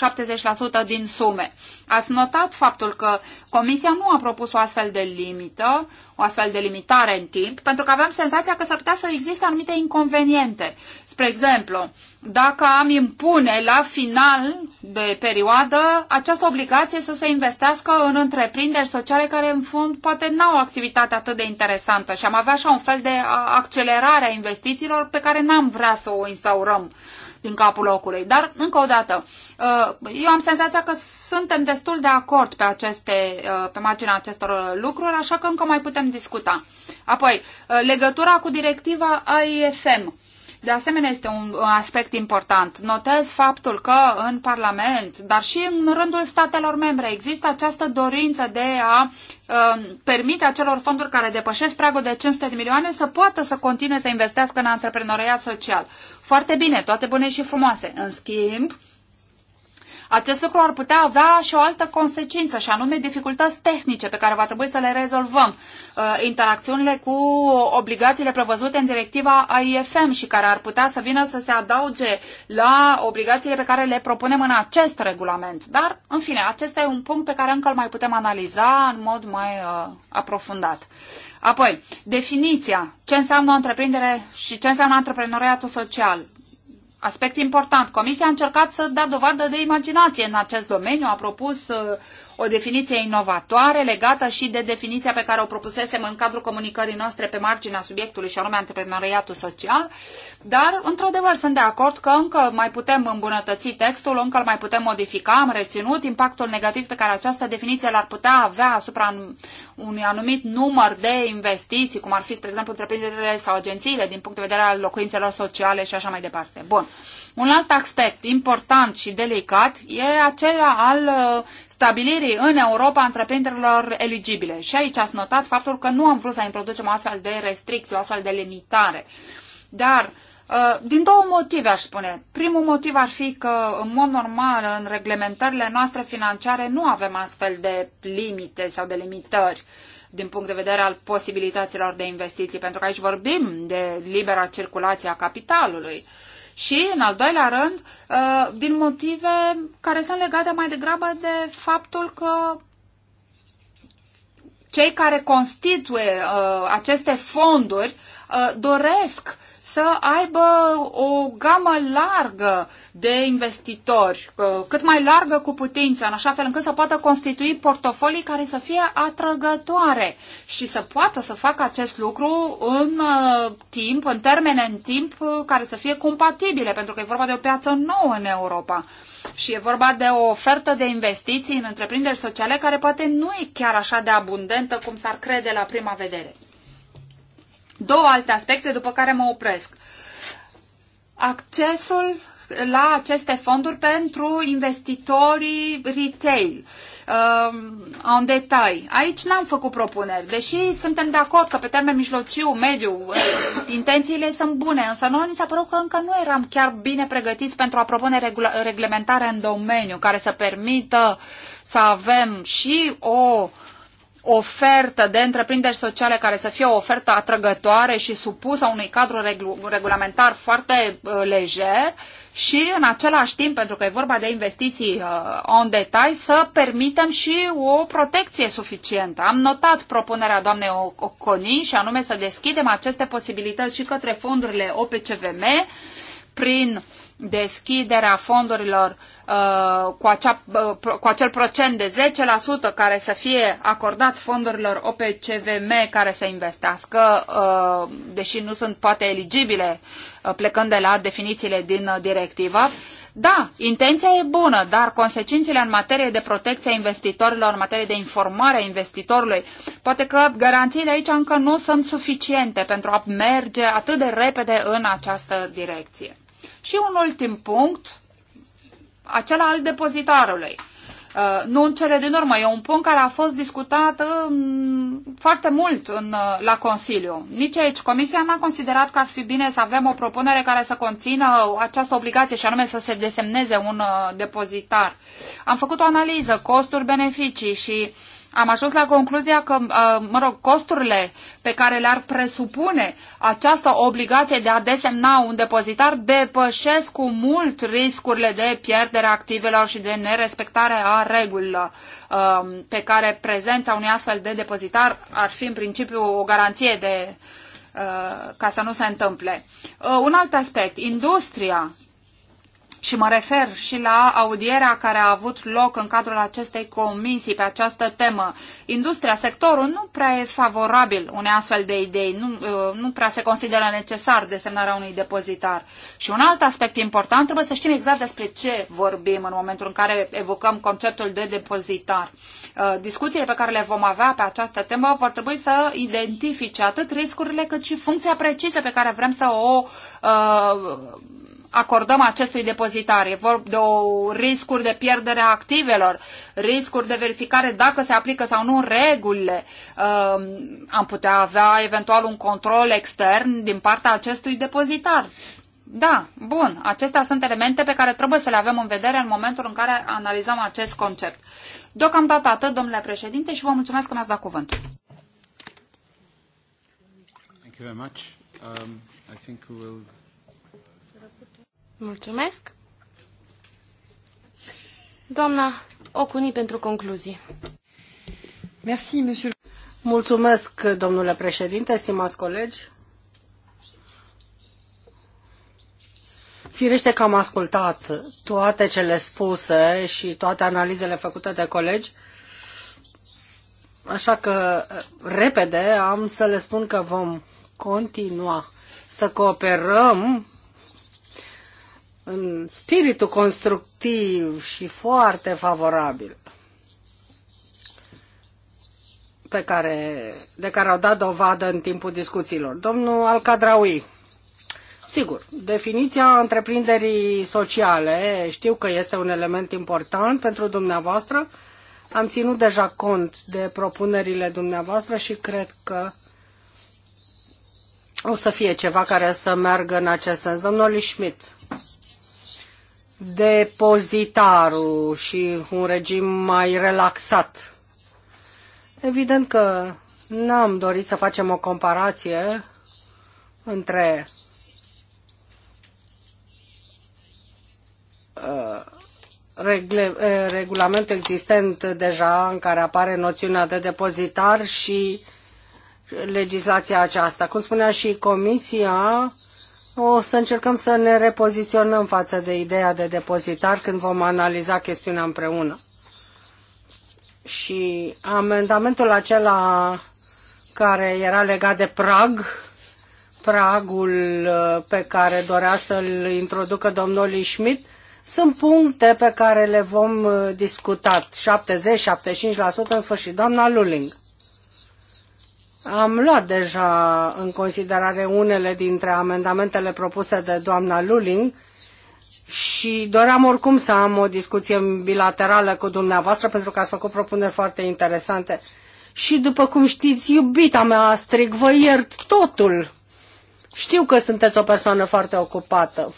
70% din sume. Ați notat faptul că Comisia nu a propus o astfel de limită, o astfel de limitare în timp, pentru că aveam senzația că s-ar putea să existe anumite inconveniente. Spre exemplu, dacă am impune la final de perioadă această obligație să se investească în întreprinderi sociale care în fond poate n-au o activitate atât de interesantă și am avea așa un fel de accelerare a investiției investițiilor pe care n-am vrea să o instaurăm din capul locului. Dar, încă o dată, uh, eu am senzația că suntem destul de acord pe, aceste, uh, pe marginea acestor lucruri, așa că încă mai putem discuta. Apoi, uh, legătura cu directiva AIFM. De asemenea, este un aspect important. Notez faptul că în Parlament, dar și în rândul statelor membre, există această dorință de a um, permite acelor fonduri care depășesc pragul de 500 de milioane să poată să continue să investească în antreprenoria social. Foarte bine, toate bune și frumoase. În schimb, acest lucru ar putea avea și o altă consecință, și anume dificultăți tehnice pe care va trebui să le rezolvăm. Uh, interacțiunile cu obligațiile prevăzute în directiva AIFM și care ar putea să vină să se adauge la obligațiile pe care le propunem în acest regulament. Dar, în fine, acesta e un punct pe care încă îl mai putem analiza în mod mai uh, aprofundat. Apoi, definiția, ce înseamnă o întreprindere și ce înseamnă antreprenoriatul social aspect important. Comisia a încercat să dea dovadă de imaginație în acest domeniu, a propus uh, o definiție inovatoare legată și de definiția pe care o propusesem în cadrul comunicării noastre pe marginea subiectului și anume antreprenoriatul social, dar într-adevăr sunt de acord că încă mai putem îmbunătăți textul, încă îl mai putem modifica, am reținut impactul negativ pe care această definiție l-ar putea avea asupra unui anumit număr de investiții, cum ar fi, spre exemplu, întreprinderile sau agențiile din punct de vedere al locuințelor sociale și așa mai departe. Bun. Un alt aspect important și delicat e acela al uh, stabilirii în Europa întreprinderilor eligibile. Și aici ați notat faptul că nu am vrut să introducem astfel de restricții, o astfel de limitare. Dar uh, din două motive, aș spune. Primul motiv ar fi că, în mod normal, în reglementările noastre financiare nu avem astfel de limite sau de limitări din punct de vedere al posibilităților de investiții, pentru că aici vorbim de libera circulație a capitalului. Uh, și, în al doilea rând, uh, din motive care sunt legate mai degrabă de faptul că cei care constituie uh, aceste fonduri uh, doresc să aibă o gamă largă de investitori, uh, cât mai largă cu putință, în așa fel încât să poată constitui portofolii care să fie atrăgătoare și să poată să facă acest lucru în uh, timp, în termene în timp uh, care să fie compatibile, pentru că e vorba de o piață nouă în Europa. Și e vorba de o ofertă de investiții în întreprinderi sociale care poate nu e chiar așa de abundentă cum s-ar crede la prima vedere. Două alte aspecte după care mă opresc. Accesul la aceste fonduri pentru investitorii retail. Uh, în detai. Aici n-am făcut propuneri, deși suntem de acord că pe termen mijlociu, mediu, eh, intențiile sunt bune, însă noi ni s-a părut că încă nu eram chiar bine pregătiți pentru a propune reglementarea în domeniu care să permită să avem și o ofertă de întreprinderi sociale care să fie o ofertă atrăgătoare și supusă unui cadru regulamentar foarte uh, lejer și în același timp, pentru că e vorba de investiții uh, în detail, să permitem și o protecție suficientă. Am notat propunerea doamnei Oconi și anume să deschidem aceste posibilități și către fondurile OPCVM prin deschiderea fondurilor Uh, cu, acea, uh, cu acel procent de 10% care să fie acordat fondurilor OPCVM care să investească, uh, deși nu sunt poate eligibile plecând de la definițiile din directivă. Da, intenția e bună, dar consecințele în materie de protecție a investitorilor, în materie de informare a investitorului, poate că garanțiile aici încă nu sunt suficiente pentru a merge atât de repede în această direcție. Și un ultim punct, acela al depozitarului. Uh, nu în cele din urmă, e un punct care a fost discutat um, foarte mult în, uh, la Consiliu. Nici aici Comisia n-a considerat că ar fi bine să avem o propunere care să conțină această obligație și anume să se desemneze un uh, depozitar. Am făcut o analiză, costuri-beneficii și uh, am ajuns la concluzia că, uh, mă rog, costurile pe care le-ar presupune această obligație de a desemna un depozitar depășesc cu mult riscurile de pierdere activelor și de nerespectare a regulilor uh, pe care prezența unui astfel de depozitar ar fi în principiu o garanție de uh, ca să nu se întâmple. Un alt aspect, industria și mă refer și la audierea care a avut loc în cadrul acestei comisii pe această temă. Industria, sectorul nu prea e favorabil unei astfel de idei, nu, uh, nu prea se consideră necesar desemnarea unui depozitar. Și un alt aspect important, trebuie să știm exact despre ce vorbim în momentul în care evocăm conceptul de depozitar. Uh, discuțiile pe care le vom avea pe această temă vor trebui să identifice atât riscurile cât și funcția precisă pe care vrem să o uh, acordăm acestui depozitar. E vorba de o riscuri de pierdere a activelor, riscuri de verificare dacă se aplică sau nu regulile. Um, am putea avea eventual un control extern din partea acestui depozitar. Da, bun. Acestea sunt elemente pe care trebuie să le avem în vedere în momentul în care analizăm acest concept. Deocamdată atât, domnule președinte, și vă mulțumesc că mi-ați dat cuvântul. Thank you very much. Um, I think we will Mulțumesc. Doamna Ocuni pentru concluzie. Merci, monsieur. Mulțumesc, domnule președinte, stimați colegi. Firește că am ascultat toate cele spuse și toate analizele făcute de colegi, așa că repede am să le spun că vom continua să cooperăm în spiritul constructiv și foarte favorabil pe care, de care au dat dovadă în timpul discuțiilor. Domnul Alcadraui, sigur, definiția întreprinderii sociale știu că este un element important pentru dumneavoastră. Am ținut deja cont de propunerile dumneavoastră și cred că o să fie ceva care să meargă în acest sens. Domnul Schmidt depozitarul și un regim mai relaxat. Evident că n-am dorit să facem o comparație între uh, regle, uh, regulament existent deja în care apare noțiunea de depozitar și legislația aceasta. Cum spunea și Comisia, o să încercăm să ne repoziționăm față de ideea de depozitar când vom analiza chestiunea împreună. Și amendamentul acela care era legat de prag, pragul uh, pe care dorea să-l introducă domnul Schmidt, sunt puncte pe care le vom uh, discuta, 70-75% în sfârșit. Doamna Luling. Am luat deja în considerare unele dintre amendamentele propuse de doamna Luling și doream oricum să am o discuție bilaterală cu dumneavoastră pentru că ați făcut propuneri foarte interesante. Și după cum știți, iubita mea, strig, vă iert totul. Știu că sunteți o persoană foarte ocupată.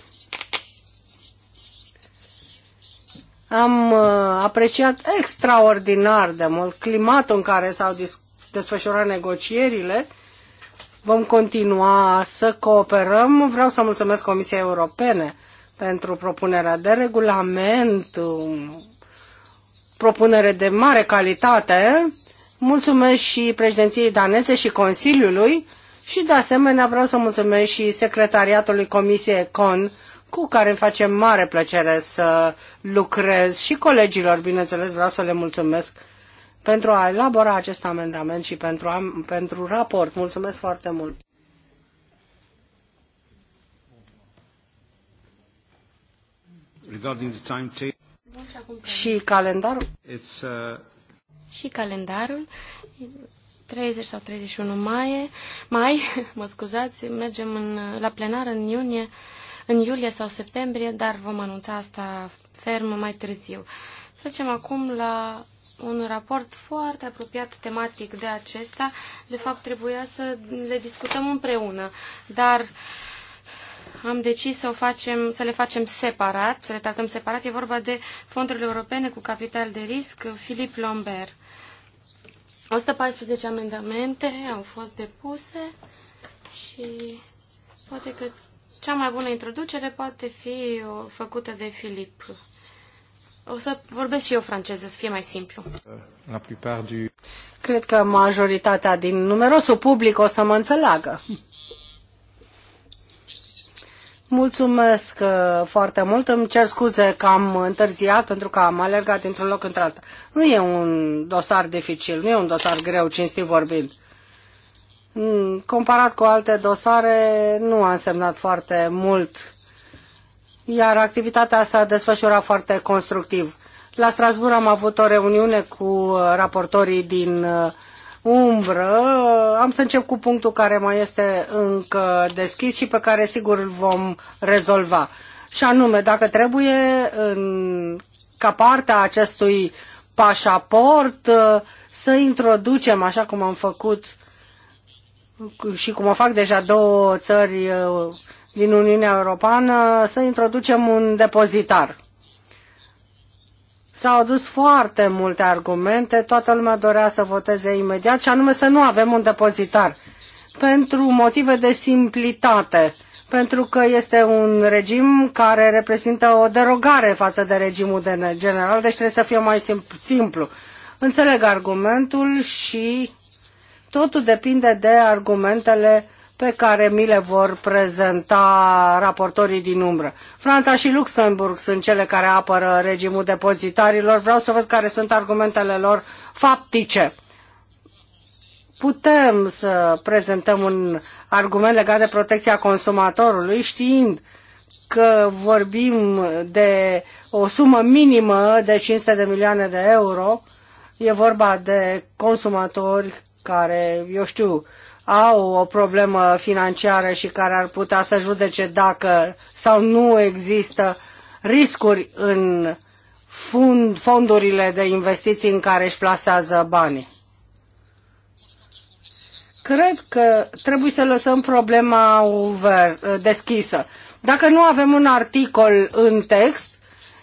Am uh, apreciat extraordinar de mult climatul în care s-au discutat desfășura negocierile. Vom continua să cooperăm. Vreau să mulțumesc Comisiei Europene pentru propunerea de regulament, um, propunere de mare calitate. Mulțumesc și președinției daneze și Consiliului și de asemenea vreau să mulțumesc și secretariatului Comisiei Econ, cu care îmi face mare plăcere să lucrez și colegilor, bineînțeles, vreau să le mulțumesc pentru a elabora acest amendament și pentru, a, pentru raport. Mulțumesc foarte mult! Regarding the table. și calendarul? It's, uh... Și calendarul. 30 sau 31 mai, mai, [LAUGHS] mă scuzați, mergem în, la plenar în iunie, în iulie sau septembrie, dar vom anunța asta ferm mai târziu. Trecem acum la un raport foarte apropiat tematic de acesta. De fapt, trebuia să le discutăm împreună, dar am decis să, o facem, să le facem separat, să le tratăm separat. E vorba de fondurile europene cu capital de risc, Filip Lombert. 114 amendamente au fost depuse și poate că cea mai bună introducere poate fi făcută de Filip. O să vorbesc și eu franceză, să fie mai simplu. La du... Cred că majoritatea din numerosul public o să mă înțeleagă. Mulțumesc uh, foarte mult. Îmi cer scuze că am întârziat pentru că am alergat dintr-un loc într-alta. Nu e un dosar dificil, nu e un dosar greu, cinstit vorbind. Mm, comparat cu alte dosare, nu a însemnat foarte mult iar activitatea s-a desfășurat foarte constructiv. La Strasbourg am avut o reuniune cu uh, raportorii din uh, umbră. Am să încep cu punctul care mai este încă deschis și pe care sigur îl vom rezolva. Și anume, dacă trebuie, în, ca parte a acestui pașaport, uh, să introducem, așa cum am făcut și cum o fac deja două țări din Uniunea Europeană să introducem un depozitar. S-au adus foarte multe argumente, toată lumea dorea să voteze imediat și anume să nu avem un depozitar pentru motive de simplitate, pentru că este un regim care reprezintă o derogare față de regimul de general, deci trebuie să fie mai simplu. Înțeleg argumentul și totul depinde de argumentele pe care mi le vor prezenta raportorii din umbră. Franța și Luxemburg sunt cele care apără regimul depozitarilor. Vreau să văd care sunt argumentele lor faptice. Putem să prezentăm un argument legat de protecția consumatorului știind că vorbim de o sumă minimă de 500 de milioane de euro. E vorba de consumatori care, eu știu, au o problemă financiară și care ar putea să judece dacă sau nu există riscuri în fund, fondurile de investiții în care își plasează banii. Cred că trebuie să lăsăm problema over, deschisă. Dacă nu avem un articol în text,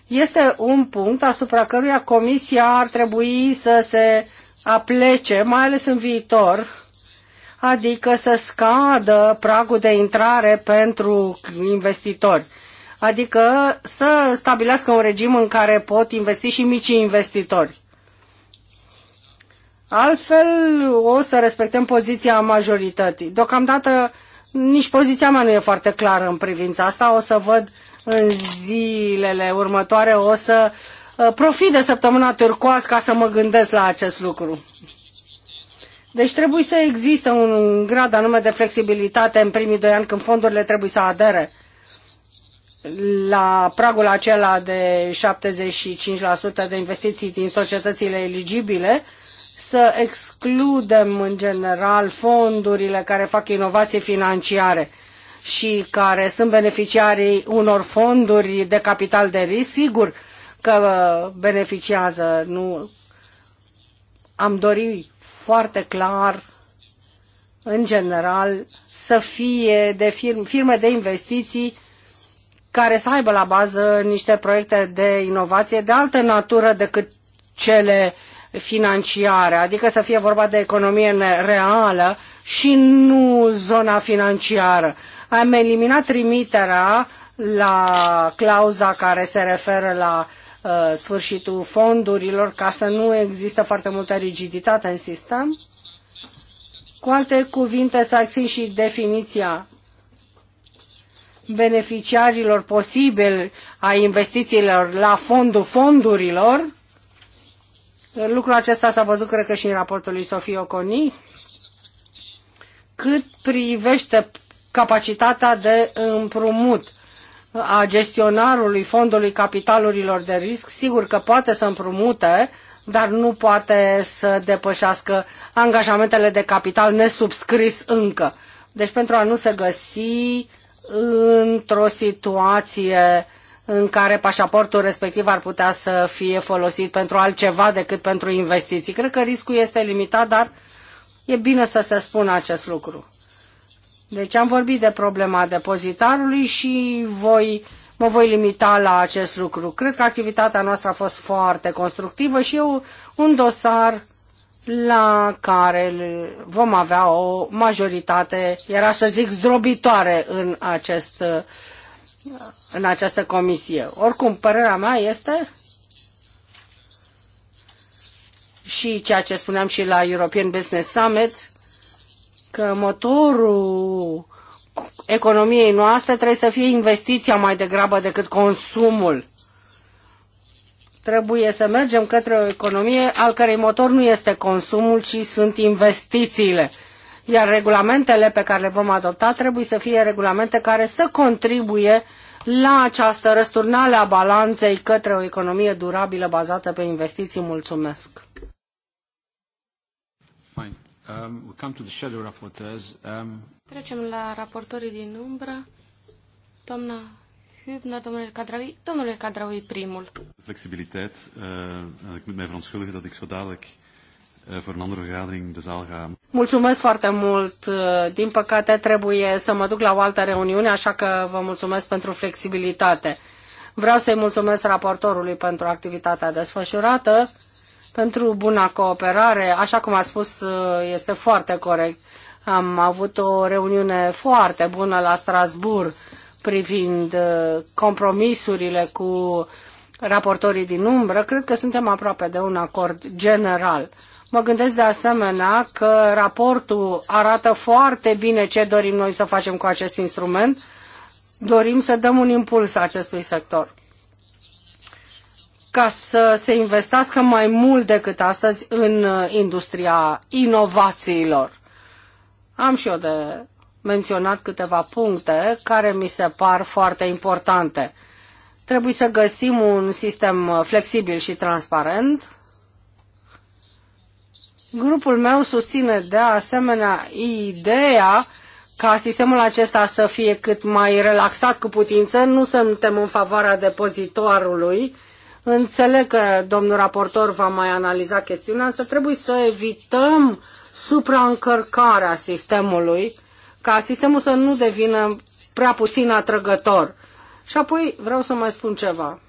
este un punct asupra căruia Comisia ar trebui să se aplece, mai ales în viitor, adică să scadă pragul de intrare pentru investitori. Adică să stabilească un regim în care pot investi și micii investitori. Altfel o să respectăm poziția majorității. Deocamdată nici poziția mea nu e foarte clară în privința asta. O să văd în zilele următoare, o să uh, profit de săptămâna turcoaz ca să mă gândesc la acest lucru. Deci trebuie să existe un grad anume de flexibilitate în primii doi ani când fondurile trebuie să adere la pragul acela de 75% de investiții din societățile eligibile, să excludem în general fondurile care fac inovații financiare și care sunt beneficiarii unor fonduri de capital de risc, sigur că beneficiază. Nu am dorit foarte clar, în general, să fie de firme, firme de investiții care să aibă la bază niște proiecte de inovație de altă natură decât cele financiare, adică să fie vorba de economie reală și nu zona financiară. Am eliminat trimiterea la clauza care se referă la uh, Uh, sfârșitul fondurilor ca să nu există foarte multă rigiditate în sistem. Cu alte cuvinte, să accent și definiția beneficiarilor posibil a investițiilor la fondul fondurilor. Lucrul acesta s-a văzut, cred că și în raportul lui Sofie Oconi. Cât privește capacitatea de împrumut a gestionarului fondului capitalurilor de risc, sigur că poate să împrumute, dar nu poate să depășească angajamentele de capital nesubscris încă. Deci pentru a nu se găsi într-o situație în care pașaportul respectiv ar putea să fie folosit pentru altceva decât pentru investiții. Cred că riscul este limitat, dar e bine să se spună acest lucru. Deci am vorbit de problema depozitarului și voi, mă voi limita la acest lucru. Cred că activitatea noastră a fost foarte constructivă și eu un dosar la care vom avea o majoritate, era să zic, zdrobitoare în, acest, în această comisie. Oricum, părerea mea este și ceea ce spuneam și la European Business Summit, că motorul economiei noastre trebuie să fie investiția mai degrabă decât consumul. Trebuie să mergem către o economie al cărei motor nu este consumul, ci sunt investițiile. Iar regulamentele pe care le vom adopta trebuie să fie regulamente care să contribuie la această răsturnare a balanței către o economie durabilă bazată pe investiții. Mulțumesc! Um, come to the shadow rapporteurs. Um... Trecem la raportorii din umbră. Doamna Hübner, domnule Cadraui. Domnule Cadraui, primul. Flexibiliteit. Uh, ik moet mij verontschuldigen dat ik zo dadelijk uh, voor een andere vergadering de zaal ga. Mulțumesc foarte mult. Uh, din păcate trebuie să mă duc la o altă reuniune, așa că vă mulțumesc pentru flexibilitate. Vreau să-i mulțumesc raportorului pentru activitatea desfășurată pentru buna cooperare. Așa cum a spus, uh, este foarte corect. Am avut o reuniune foarte bună la Strasbourg privind uh, compromisurile cu raportorii din umbră. Cred că suntem aproape de un acord general. Mă gândesc de asemenea că raportul arată foarte bine ce dorim noi să facem cu acest instrument. Dorim să dăm un impuls acestui sector ca să se investească mai mult decât astăzi în uh, industria inovațiilor. Am și eu de menționat câteva puncte care mi se par foarte importante. Trebuie să găsim un sistem uh, flexibil și transparent. Grupul meu susține de asemenea ideea ca sistemul acesta să fie cât mai relaxat cu putință, nu suntem în favoarea depozitorului, Înțeleg că domnul raportor va mai analiza chestiunea, însă trebuie să evităm supraîncărcarea sistemului, ca sistemul să nu devină prea puțin atrăgător. Și apoi vreau să mai spun ceva.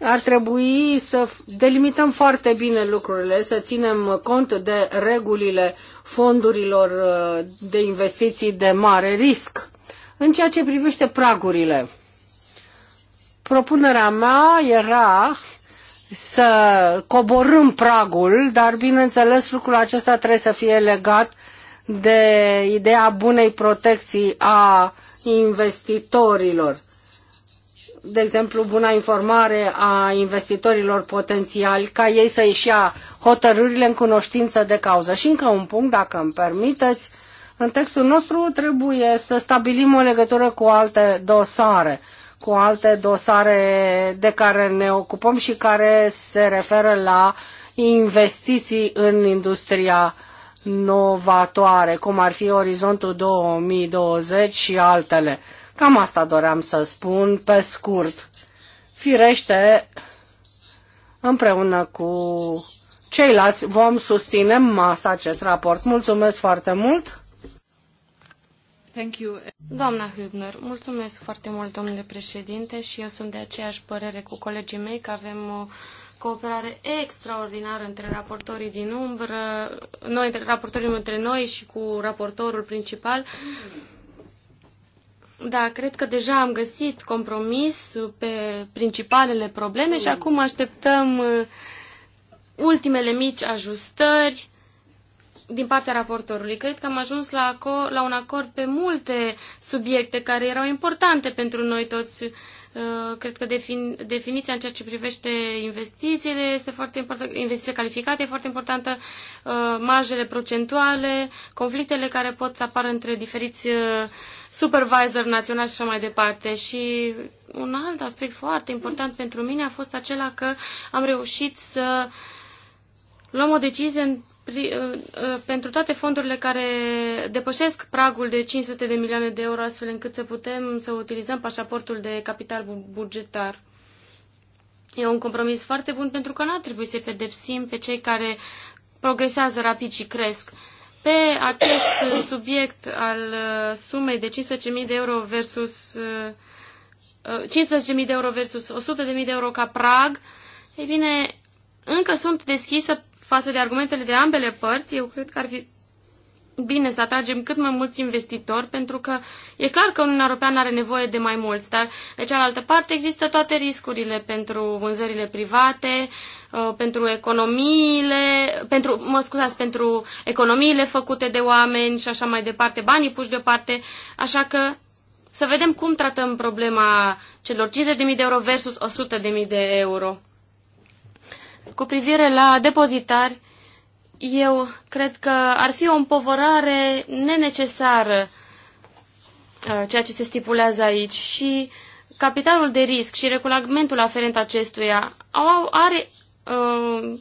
Ar trebui să delimităm foarte bine lucrurile, să ținem cont de regulile fondurilor uh, de investiții de mare risc. În ceea ce privește pragurile, Propunerea mea era să coborâm pragul, dar bineînțeles lucrul acesta trebuie să fie legat de ideea bunei protecții a investitorilor. De exemplu, buna informare a investitorilor potențiali ca ei să-și ia hotărârile în cunoștință de cauză. Și încă un punct, dacă îmi permiteți, în textul nostru trebuie să stabilim o legătură cu alte dosare cu alte dosare de care ne ocupăm și care se referă la investiții în industria novatoare, cum ar fi Orizontul 2020 și altele. Cam asta doream să spun pe scurt. Firește, împreună cu ceilalți vom susține masa acest raport. Mulțumesc foarte mult! Thank you. Doamna Hübner, mulțumesc foarte mult, domnule președinte, și eu sunt de aceeași părere cu colegii mei că avem o cooperare extraordinară între raportorii din umbră, noi, între raportorii între noi și cu raportorul principal. Da, cred că deja am găsit compromis pe principalele probleme și acum așteptăm uh, ultimele mici ajustări din partea raportorului. Cred că am ajuns la, acord, la un acord pe multe subiecte care erau importante pentru noi toți. Uh, cred că defin, definiția în ceea ce privește investițiile este foarte importantă, investiția calificată e foarte importantă, uh, marjele procentuale, conflictele care pot să apară între diferiți uh, supervisor național și așa mai departe. Și un alt aspect foarte important pentru mine a fost acela că am reușit să luăm o decizie Uh, uh, pentru toate fondurile care depășesc pragul de 500 de milioane de euro, astfel încât să putem să utilizăm pașaportul de capital bugetar. E un compromis foarte bun pentru că nu ar trebui să pedepsim pe cei care progresează rapid și cresc. Pe acest [COUGHS] subiect al uh, sumei de 500.000 de euro versus 15.000 de euro versus 100.000 de euro ca prag, ei bine, încă sunt deschisă față de argumentele de ambele părți, eu cred că ar fi bine să atragem cât mai mulți investitori, pentru că e clar că Uniunea Europeană are nevoie de mai mulți, dar de cealaltă parte există toate riscurile pentru vânzările private, uh, pentru economiile, pentru, mă scuzați, pentru economiile făcute de oameni și așa mai departe, banii puși deoparte, așa că să vedem cum tratăm problema celor 50.000 de euro versus 100.000 de euro cu privire la depozitari, eu cred că ar fi o împovărare nenecesară uh, ceea ce se stipulează aici și capitalul de risc și regulamentul aferent acestuia au, are uh,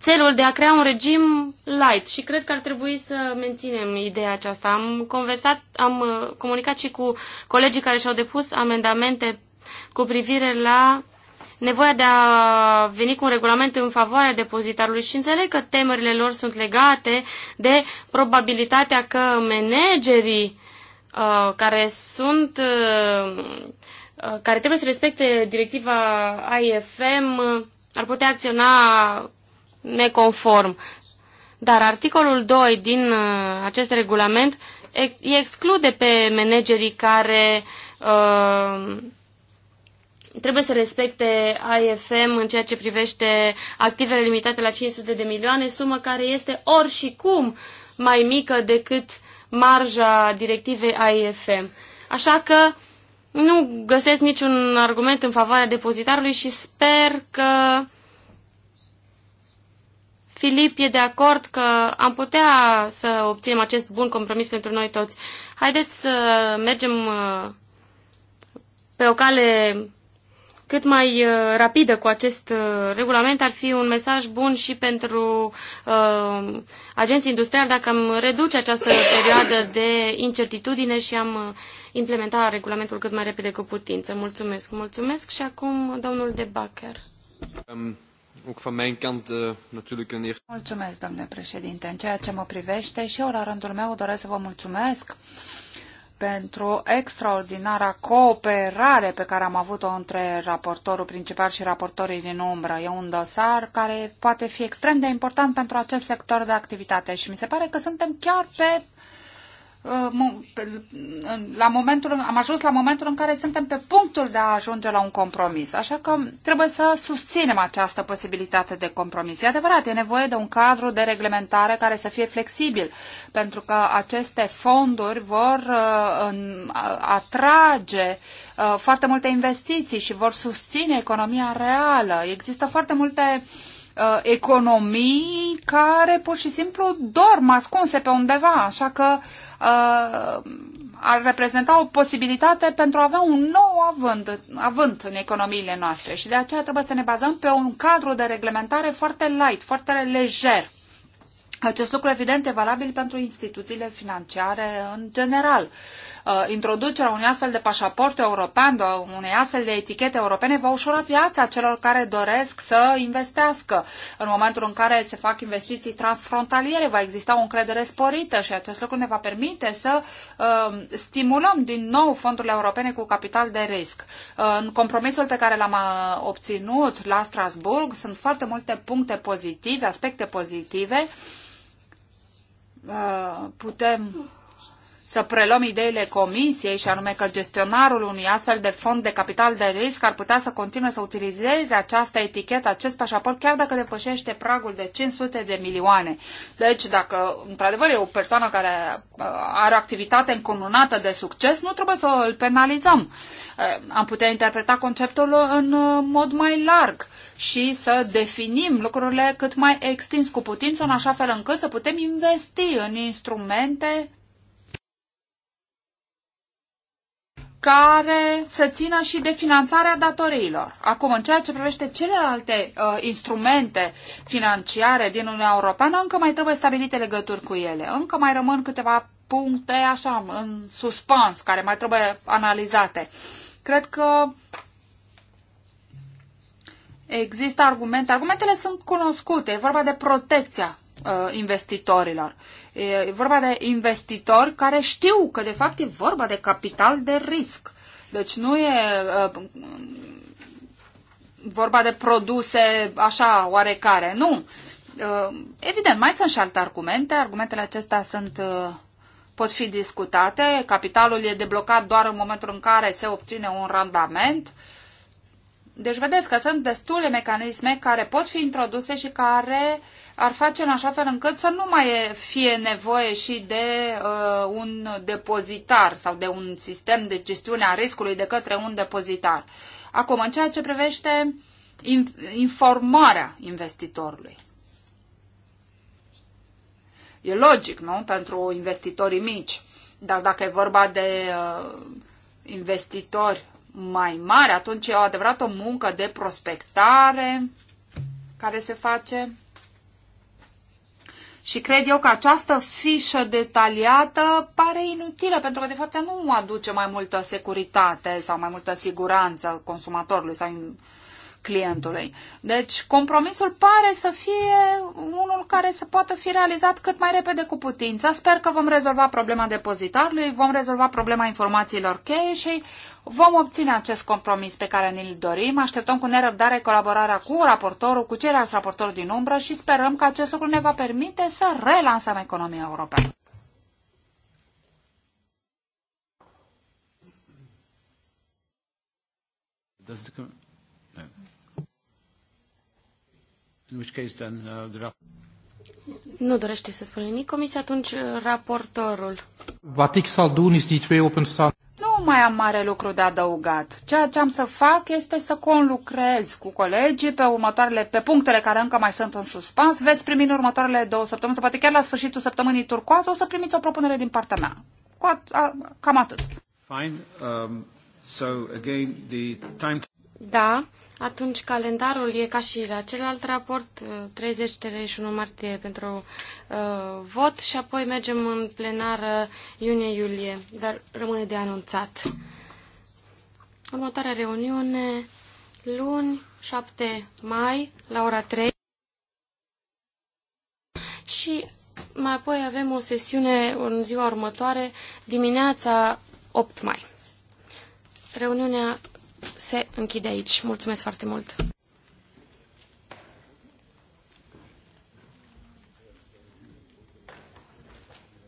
țelul de a crea un regim light și cred că ar trebui să menținem ideea aceasta. Am conversat, am uh, comunicat și cu colegii care și-au depus amendamente cu privire la nevoia de a veni cu un regulament în favoarea depozitarului și înțeleg că temerile lor sunt legate de probabilitatea că managerii uh, care sunt uh, uh care trebuie să respecte directiva IFM ar putea acționa neconform. Dar articolul 2 din uh, acest regulament îi exclude pe managerii care uh, trebuie să respecte AFM în ceea ce privește activele limitate la 500 de milioane, sumă care este ori și cum mai mică decât marja directivei AFM. Așa că nu găsesc niciun argument în favoarea depozitarului și sper că Filip e de acord că am putea să obținem acest bun compromis pentru noi toți. Haideți să mergem uh, pe o cale cât mai uh, rapidă cu acest uh, regulament ar fi un mesaj bun și pentru uh, agenții industriali dacă am reduce această perioadă de incertitudine și am uh, implementa regulamentul cât mai repede cu putință. Mulțumesc, mulțumesc și acum domnul de Bacher. Um. Ehm, eh, mulțumesc, domnule președinte. În ceea ce mă privește și eu, la rândul meu, doresc să vă mulțumesc pentru extraordinara cooperare pe care am avut-o între raportorul principal și raportorii din umbră. E un dosar care poate fi extrem de important pentru acest sector de activitate și mi se pare că suntem chiar pe Uh, la momentul, am ajuns la momentul în care suntem pe punctul de a ajunge la un compromis. Așa că trebuie să susținem această posibilitate de compromis. E adevărat, e nevoie de un cadru de reglementare care să fie flexibil, pentru că aceste fonduri vor uh, atrage uh, foarte multe investiții și vor susține economia reală. Există foarte multe uh, uh, economii care pur și simplu dorm ascunse pe undeva, așa că uh, ar reprezenta o posibilitate pentru a avea un nou avânt, avânt în economiile noastre și de aceea trebuie să ne bazăm pe un cadru de reglementare foarte light, foarte lejer. Acest lucru, evident, e valabil pentru instituțiile financiare în general uh, introducerea unui astfel de pașaport european, de unei astfel de etichete europene, va ușura piața celor care doresc să investească. În momentul în care se fac investiții transfrontaliere, va exista o încredere sporită și acest lucru ne va permite să uh, stimulăm din nou fondurile europene cu capital de risc. Uh, în compromisul pe care l-am uh, obținut la Strasburg sunt foarte multe puncte pozitive, aspecte pozitive uh, putem să preluăm ideile comisiei și anume că gestionarul unui astfel de fond de capital de risc ar putea să continue să utilizeze această etichetă, acest pașaport, chiar dacă depășește pragul de 500 de milioane. Deci, dacă într-adevăr e o persoană care uh, are o activitate încununată de succes, nu trebuie să îl penalizăm. Uh, am putea interpreta conceptul în uh, mod mai larg și să definim lucrurile cât mai extins cu putință, în așa fel încât să putem investi în instrumente care să țină și de finanțarea datoriilor. Acum, în ceea ce privește celelalte uh, instrumente financiare din Uniunea Europeană, încă mai trebuie stabilite legături cu ele. Încă mai rămân câteva puncte așa în suspans care mai trebuie analizate. Cred că există argumente. Argumentele sunt cunoscute. E vorba de protecția uh, investitorilor. E vorba de investitori care știu că, de fapt, e vorba de capital de risc. Deci nu e uh, vorba de produse așa oarecare, nu. Uh, evident, mai sunt și alte argumente. Argumentele acestea sunt, uh, pot fi discutate. Capitalul e deblocat doar în momentul în care se obține un randament. Uh, deci vedeți că sunt destule mecanisme care pot fi introduse și care ar face în așa fel încât să nu mai fie nevoie și de uh, un depozitar sau de un sistem de gestiune a riscului de către un depozitar. Acum, în ceea ce privește informarea investitorului. E logic, nu? Pentru investitorii mici. Dar dacă e vorba de uh, investitori mai mare atunci e o adevărată muncă de prospectare care se face. Și cred eu că această fișă detaliată pare inutilă, pentru că de fapt nu aduce mai multă securitate sau mai multă siguranță consumatorului sau clientului. Deci, compromisul pare să fie unul care să poată fi realizat cât mai repede cu putință. Sper că vom rezolva problema depozitarului, vom rezolva problema informațiilor cheie și vom obține acest compromis pe care ne-l dorim. Așteptăm cu nerăbdare colaborarea cu raportorul, cu ceilalți raportori din umbră și sperăm că acest lucru ne va permite să relansăm economia europeană. Does the In which case then, uh, the nu dorește să spună nimic comisia, atunci uh, raportorul. Nu mai am mare lucru de adăugat. Ceea ce am să fac este să conlucrez cu colegii pe următoarele, pe punctele care încă mai sunt în suspans. Veți primi în următoarele două săptămâni, sau poate chiar la sfârșitul săptămânii turcoază, o să primiți o propunere din partea mea. Cu at- a, cam atât. Fine. Um, so again, the time... Da. Atunci calendarul e ca și la celălalt raport, 30-31 uh, martie pentru uh, vot și apoi mergem în plenară iunie-iulie, dar rămâne de anunțat. Următoarea reuniune, luni 7 mai, la ora 3. Și mai apoi avem o sesiune în ziua următoare, dimineața 8 mai. Reuniunea se închide aici. Mulțumesc foarte mult!